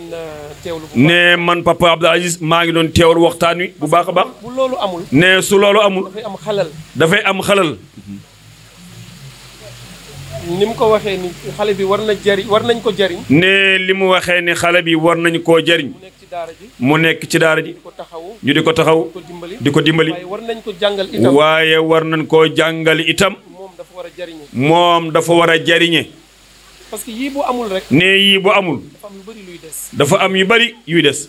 S7: teewlu.
S6: ne man papa Abdou maa ngi doon teewlu waxtaan wi bu baax a baax. bu loolu amul. ne su loolu amul. dafay am xalal. dafay am xalal. ni mu ko waxee ni xale bi war na jariñ war nañ ko jariñ ne li mu waxee ni xale bi war nañ koo jariñ mu nekk ci daara ji ñu di ko taxaw di ko dimbali waaye war nañ koo jàngal itam moom dafa war a jariñe
S7: parce que yii bu amul rek ne bu amul
S6: dafa am yu bari yuy des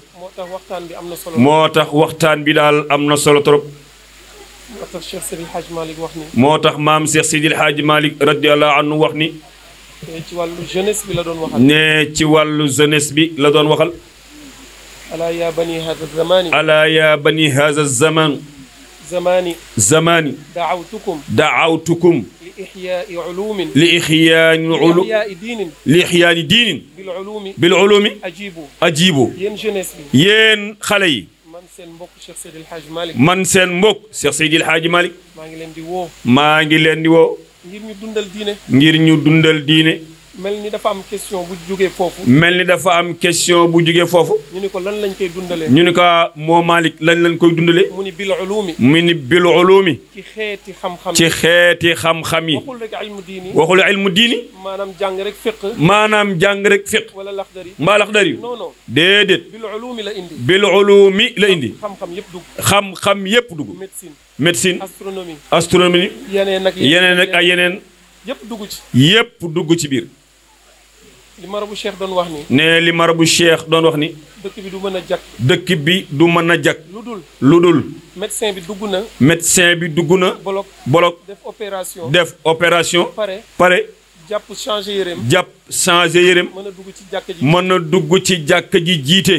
S6: moo tax waxtaan bi daal am na solo trop
S7: moo tax Cheikh Seydi Hadj Malick wax ni.
S6: moo tax maam Cheikh Seydi Hadj Malick radiyallahu anhu wax ni.
S7: ne ci wàllu jeunesse bi la doon waxal.
S6: ne ci wàllu jeunesse bi la doon waxal.
S7: alaa yaa bani haza zamani.
S6: alaa yaa bani haza zamani. zamani. zamani.
S7: daawtukum.
S6: daawtukum.
S7: li ixyaai culuumin. li
S6: ixyaani culu. li ixyaani diinin. li ixyaani diinin. bil culumi. bil culumi. ajiibu. ajiibu. yéen jeunesse bi. yéen xale yi.
S7: seen mbokk Cheikh Seydi El Hadji Malick man
S6: seen mbokk Cheikh Seydi El Hadji Malick
S7: maa ngi leen di woo
S6: maa ngi leen di woo
S7: ngir ñu dundal diine
S6: ngir ñu dundal diine
S7: mel ni dafa am question bu jógee foofu. mel
S6: ni dafa am question bu jógee foofu.
S7: ñu ni ko lan lañ koy dundalee. ñu ni ko
S6: moo Malick lan lañ koy dundalee.
S7: mu ni bil ulumi.
S6: mu ni bil ulumi.
S7: ci xeeti xam-xam ci
S6: xeeti xam-xam yi. waxul
S7: rek ilmu diini. waxul ilmu diini. maanaam jàng rek fiq.
S6: maanaam jàng rek fiq.
S7: wala laxdari. mbaa laxdari. non non déedéet. bil ulumi la indi.
S6: bil ulumi la indi.
S7: xam-xam yëpp dugg.
S6: xam-xam yëpp dugg. médecine. médecine. astronomie. astronomie. yeneen ak yeneen yeneen ak yeneen. yëpp dugg ci. yëpp dugg ci biir.
S7: li marabu cheikh doon wax ni.
S6: ne li marabu cheikh doon wax ni. dëkk bi du mën a jag. dëkk bi du mën a jag. lu dul lu dul.
S7: médecin bi dugg na.
S6: médecin bi dugg na.
S7: bolok bolok. def opération def
S6: opération. pare pare.
S7: jàpp changé yéreem. jàpp
S6: changé yéreem.
S7: mën dugg ci jàkk ji mën
S6: a dugg ci jàkk ji jiite.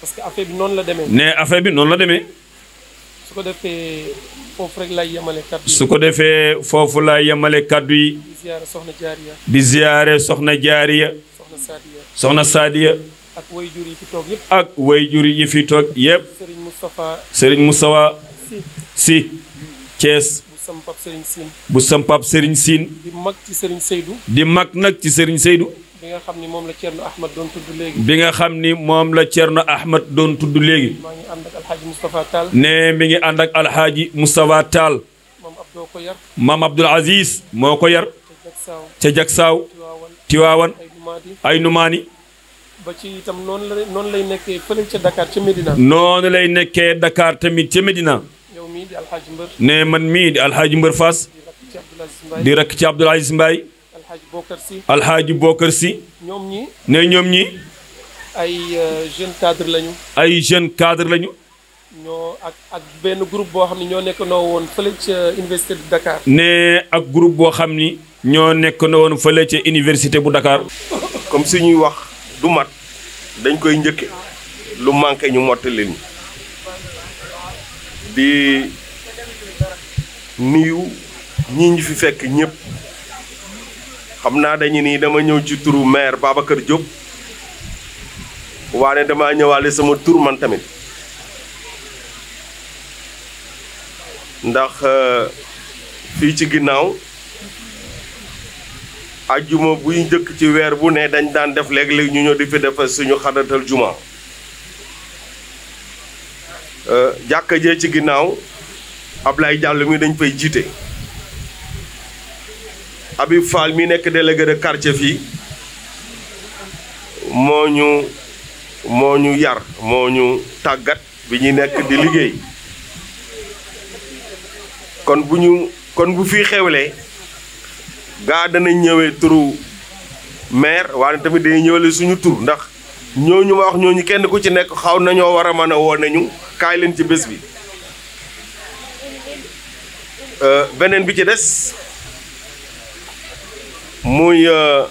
S7: parce que affaire bi noonu la demee. ne
S6: affaire bi noonu la demee.
S7: ko defee foofu rek laay yemale su ko
S6: defee foofu laay yemale kàddu yi. di
S7: ziare soxna jaariya.
S6: di ziare soxna jaariya. soxna saadiya.
S7: ak wayjur yi toog
S6: ak wayjur yi fi toog yëpp.
S7: Serigne Moustapha. Serigne
S6: Moustapha. si. Thiès.
S7: bu sam pap Serigne
S6: bu sam pap Serigne Sine. di mag nag ci sëriñ Seydou.
S7: bi nga xam ni moom la Thierno Ahmed doon tudd léegi.
S6: nga xam ni moom la Thierno Ahmed doon tudd léegi. ne mi ngi ànd ak alxaaji Moustapha Tall maam Abdoul Aziz moo ko yar ca Jaksaaw Tiwaawan ay numaani
S7: noonu lay nekkee fële
S6: lay nekkee Dakar tamit ca Medina.
S7: yow mii di Alxaaji
S6: Mbër. ne di Alxaaji ci Abdoul Aziz Mbaye.
S7: Alxaaji Bokar Si. Alxaaji ñoom ñi ne ñoom ñi ay euh, jeunes cadres lañu.
S6: ay jeunes cadres lañu.
S7: ñoo ak ak benn groupe boo xam ne ñoo nekk noo woon fële ca université bu Dakar.
S6: nee ak groupe boo xam ni ñoo nekk noo woon fële ca université bu Dakar. comme ñuy wax du mat dañ koy njëkke lu manqué ñu mottali ñu
S5: di nuyu ñii ñu fi fekk ñépp xam naa dañu nii dama ñëw ci turu maire Babacar Diop waane dama ñëwaale sama tur man tamit. ndax euh, fii ci ginnaaw ajjuma buy njëkk ci weer bu ne dañ daan def léeg-léeg ñu ñëw di fi defe suñu xaratal juma euh, jàkka jee ci ginnaaw Ablaye jàll mi dañ fay jiite Habib Fall mi nekk délégué de quartier fii moo ñu moo ñu yar moo ñu tàggat bi ñuy nekk di liggéey kon bu ñu kon bu fii xewlee gaa dana ñëwee turu maire waaye tamit dañuy ñëwale suñu tur ndax ñooñu ma wax ñooñu kenn ku ci nekk xaw nañoo war a mën a woo nañu kaay leen ci bés bi euh, beneen bi ci des muy euh,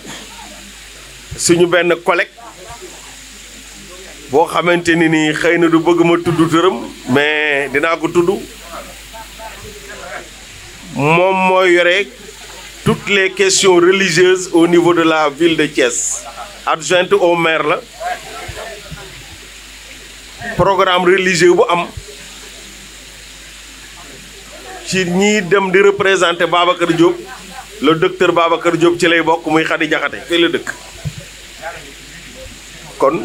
S5: suñu benn kolek boo xamante ni ni xëy na du bëgg ma tudd tëram mais dinaa ko tudd moom mooy yore toutes les questions religieuses au niveau de la ville de Thiès adjointe au maire la programme religieux bu am ci ñiy dem di représenter Babacar Diop le docteur Babacar Diop ci lay bokk muy Khady Diakhaté fii la dëkk kon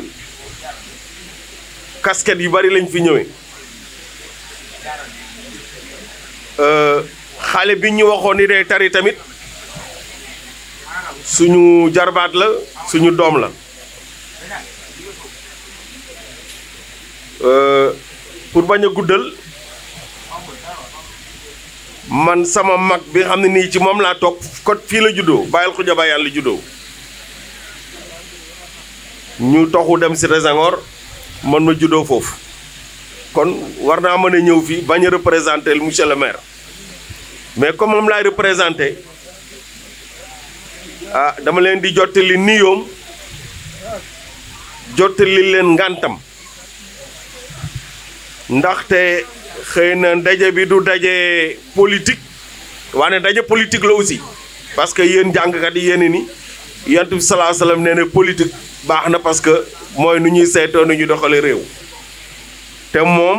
S5: casquette yu bari lañ fi ñëwee. Euh, xaale bi ñu waxoon ni day tari tamit suñu jarbaat la suñu doom la euh, pour bañ a guddal man sama mag bi xam ne nii ci moom laa toog ko fii la juddoo bàyyil xuja bàyyaan la juddoo ñu toxu dem si Resangor man ma juddoo foofu kon war naa mën a ñëw fii bañ a représenter monsieur le maire mais comme moom laay représenté ah dama leen di jottali yoom jottali leen ngantam ndaxte xëy na daje bi du daje politique waane daje politique la aussi parce que yéen jàngkat yi yéen ni yonent bi salaa salaam nee na baax na parce que mooy nu ñuy saytoo nu ñu doxale réew te moom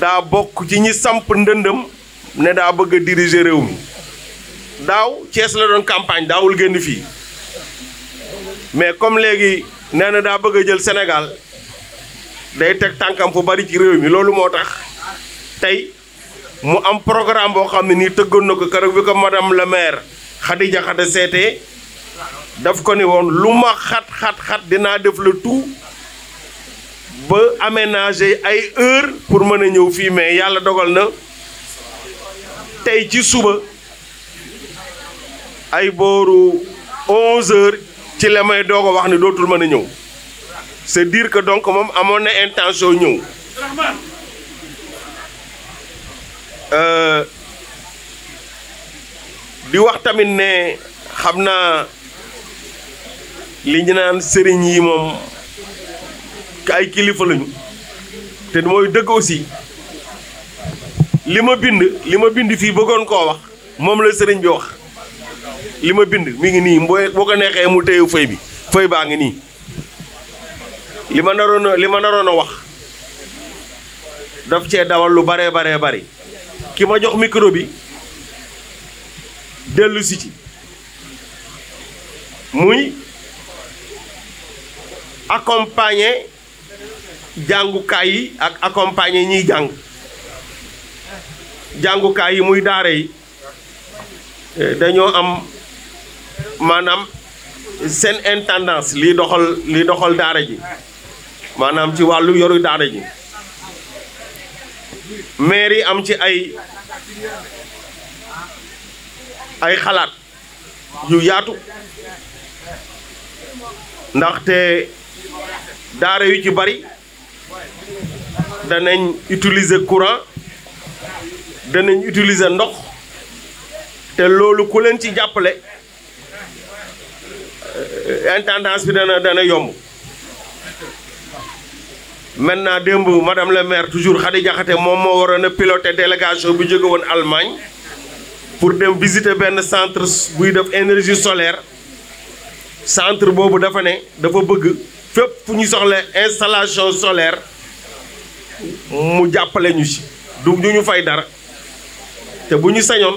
S5: daa bokk ci ñi samp ndëndëm ne daa bëgg a diriger réew mi daaw Thiès la doon campagne daawul génn fii mais comme léegi nee na daa bëgg a jël Sénégal day teg tànkam fu bari ci réew mi loolu moo tax tey mu am programme boo xam ne nii tëggoon na ko keroog bi ko madame la maire Khadija Khada seetee daf ko ne woon lu ma xat xat xat dinaa def le tout ba aménager ay heure pour mën a ñëw fii mais yàlla dogal na tey ci suba ay booru 11h ci la may doog a wax ni dootul mën a ñëw c'est dire que donc moom amoon na intention ñëw euh, di wax tamit ne xam naa li ñu naan sëriñ yi moom ay kilifa lañu te mooy dëgg aussi. li ma bind li ma bind fii bëggoon koo wax moom la sëriñ bi wax li ma bind mi ngi nii boo boo ko neexee mu téye fëy bi fëy baa ngi nii li ma naroon a li ma naroon a wax daf cee dawal lu baree baree bari ki ma jox micro bi dellu ci muy accompagner jàngukaay yi ak accompagner ñiy jàng jàngukaay yi muy daara yi eh, dañoo am maanaam seen intendance liy doxal liy doxal daara ji maanaam ci wàllu yoru daara ji maire yi am ci ay ay xalaat yu yaatu ndaxte daara yu ci bari danañ utiliser courant danañ utiliser ndox te loolu ku leen ci jàppale euh, intendance bi dana dana yomb maintenant démb madame le maire toujours Khady Diakhaté moom moo waroon a piloter délégation bu jóge woon Allemagne pour dem visiter benn centre buy def énergie solaire centre boobu dafa ne dafa bëgg fépp fu ñu soxla installation solaire mu jàppale ñu ci du ñu ñu fay dara te bu ñu sañoon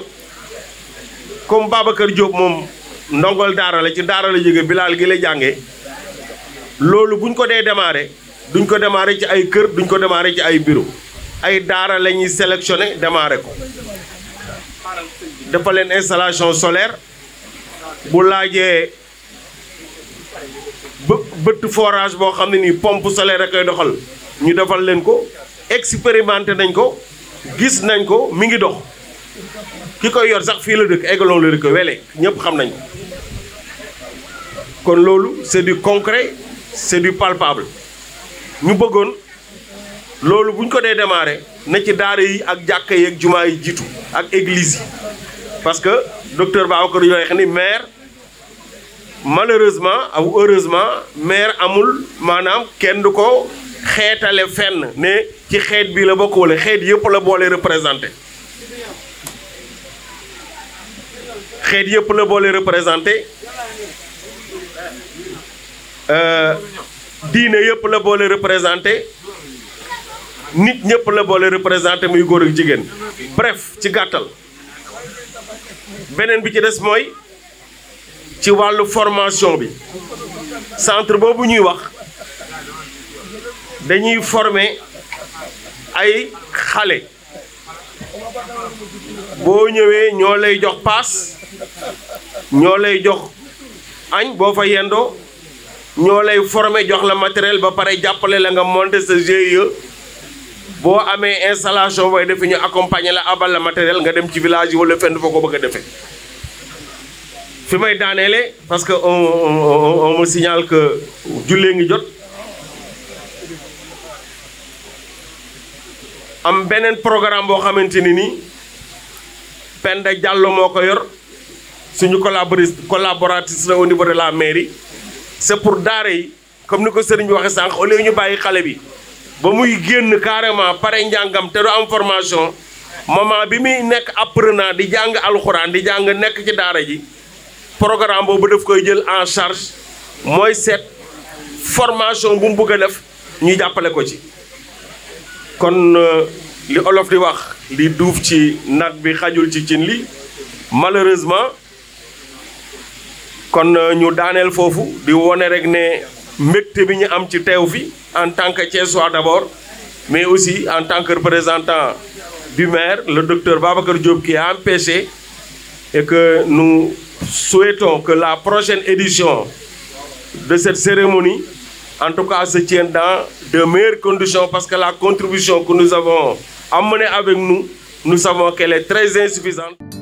S5: comme Babacar Diop moom ndongol daara la ci daara la jóge bilaal gi la jànge loolu buñ ko dee démarré duñ ko démarré ci ay kër duñ ko démarré ci ay bureau ay daara la ñuy sélectionné démarré ko dafa leen installation solaire bu laajee bë bët forage boo xam ne nii pompe solaire ak koy doxal ñu defal leen ko expérimenté nañ ko gis nañ ko mi ngi dox ki koy yor sax fii la dëkk eggaloo la dëkk wele ñëpp xam nañ kon loolu c'est du concret c'est du palpable ñu bëggoon loolu bu ñu ko dee démarrer na ci daara yi ak jàkka yi ak jumaa yi jiitu ak église yi parce que docteur Babacar yooyu xam ni maire malheureusement ou heureusement maire amul maanaam kenn du ko xeetale fenn ne ci xeet bi la bokk wala xeet yëpp la boole représenté xeet yëpp la boole représenté euh, diine yëpp la boole représenté nit ñëpp la boole représenté muy góor ak jigéen bref ci gàttal beneen bi ci des mooy ci wàllu formation bi centre boobu ñuy wax dañuy former ay xale boo ñëwee ñoo lay jox paas ñoo lay jox añ boo fa yendoo ñoo lay forme jox la matériel ba pare jàppale la nga monter sa GIE boo amee installation booy defe ñu accompagner la abal la matériel nga dem ci village yi wala fend foo ko bëgg a defee fi may daaneele parce que on on me jullee ngi jot am beneen programme boo xamante ni nii Penda Diallo moo ko yor suñu collaboris collaboratrice la au la mairie c' pour daara yi comme ni ko sëriñ bi waxee sànq au ñu bàyyi xale bi ba muy génn carrément pare njàngam te du am formation moment bi muy nekk apprenant di jàng alxuraan di jàng nekk ci daara ji programme boobu def koy jël en charge mooy seet formation bu mu bëgg def ñu jàppale ko ci kon euh, li olof di wax li duuf ci nag bi xajul ci cin li malheureusement kon euh, ñu daaneel foofu di wone rek ne mbégte bi ñu am ci teew fi en tant que Thiessois d'abord mais aussi en tant que représentant du maire le docteur Babacar Diop qui a empêché et que nous souhaitons que la prochaine édition de cette cérémonie en tout cas se tienne dans de meilleures conditions parce que la contribution que nous avons amenée avec nous nous savons qu'elle est insuffisante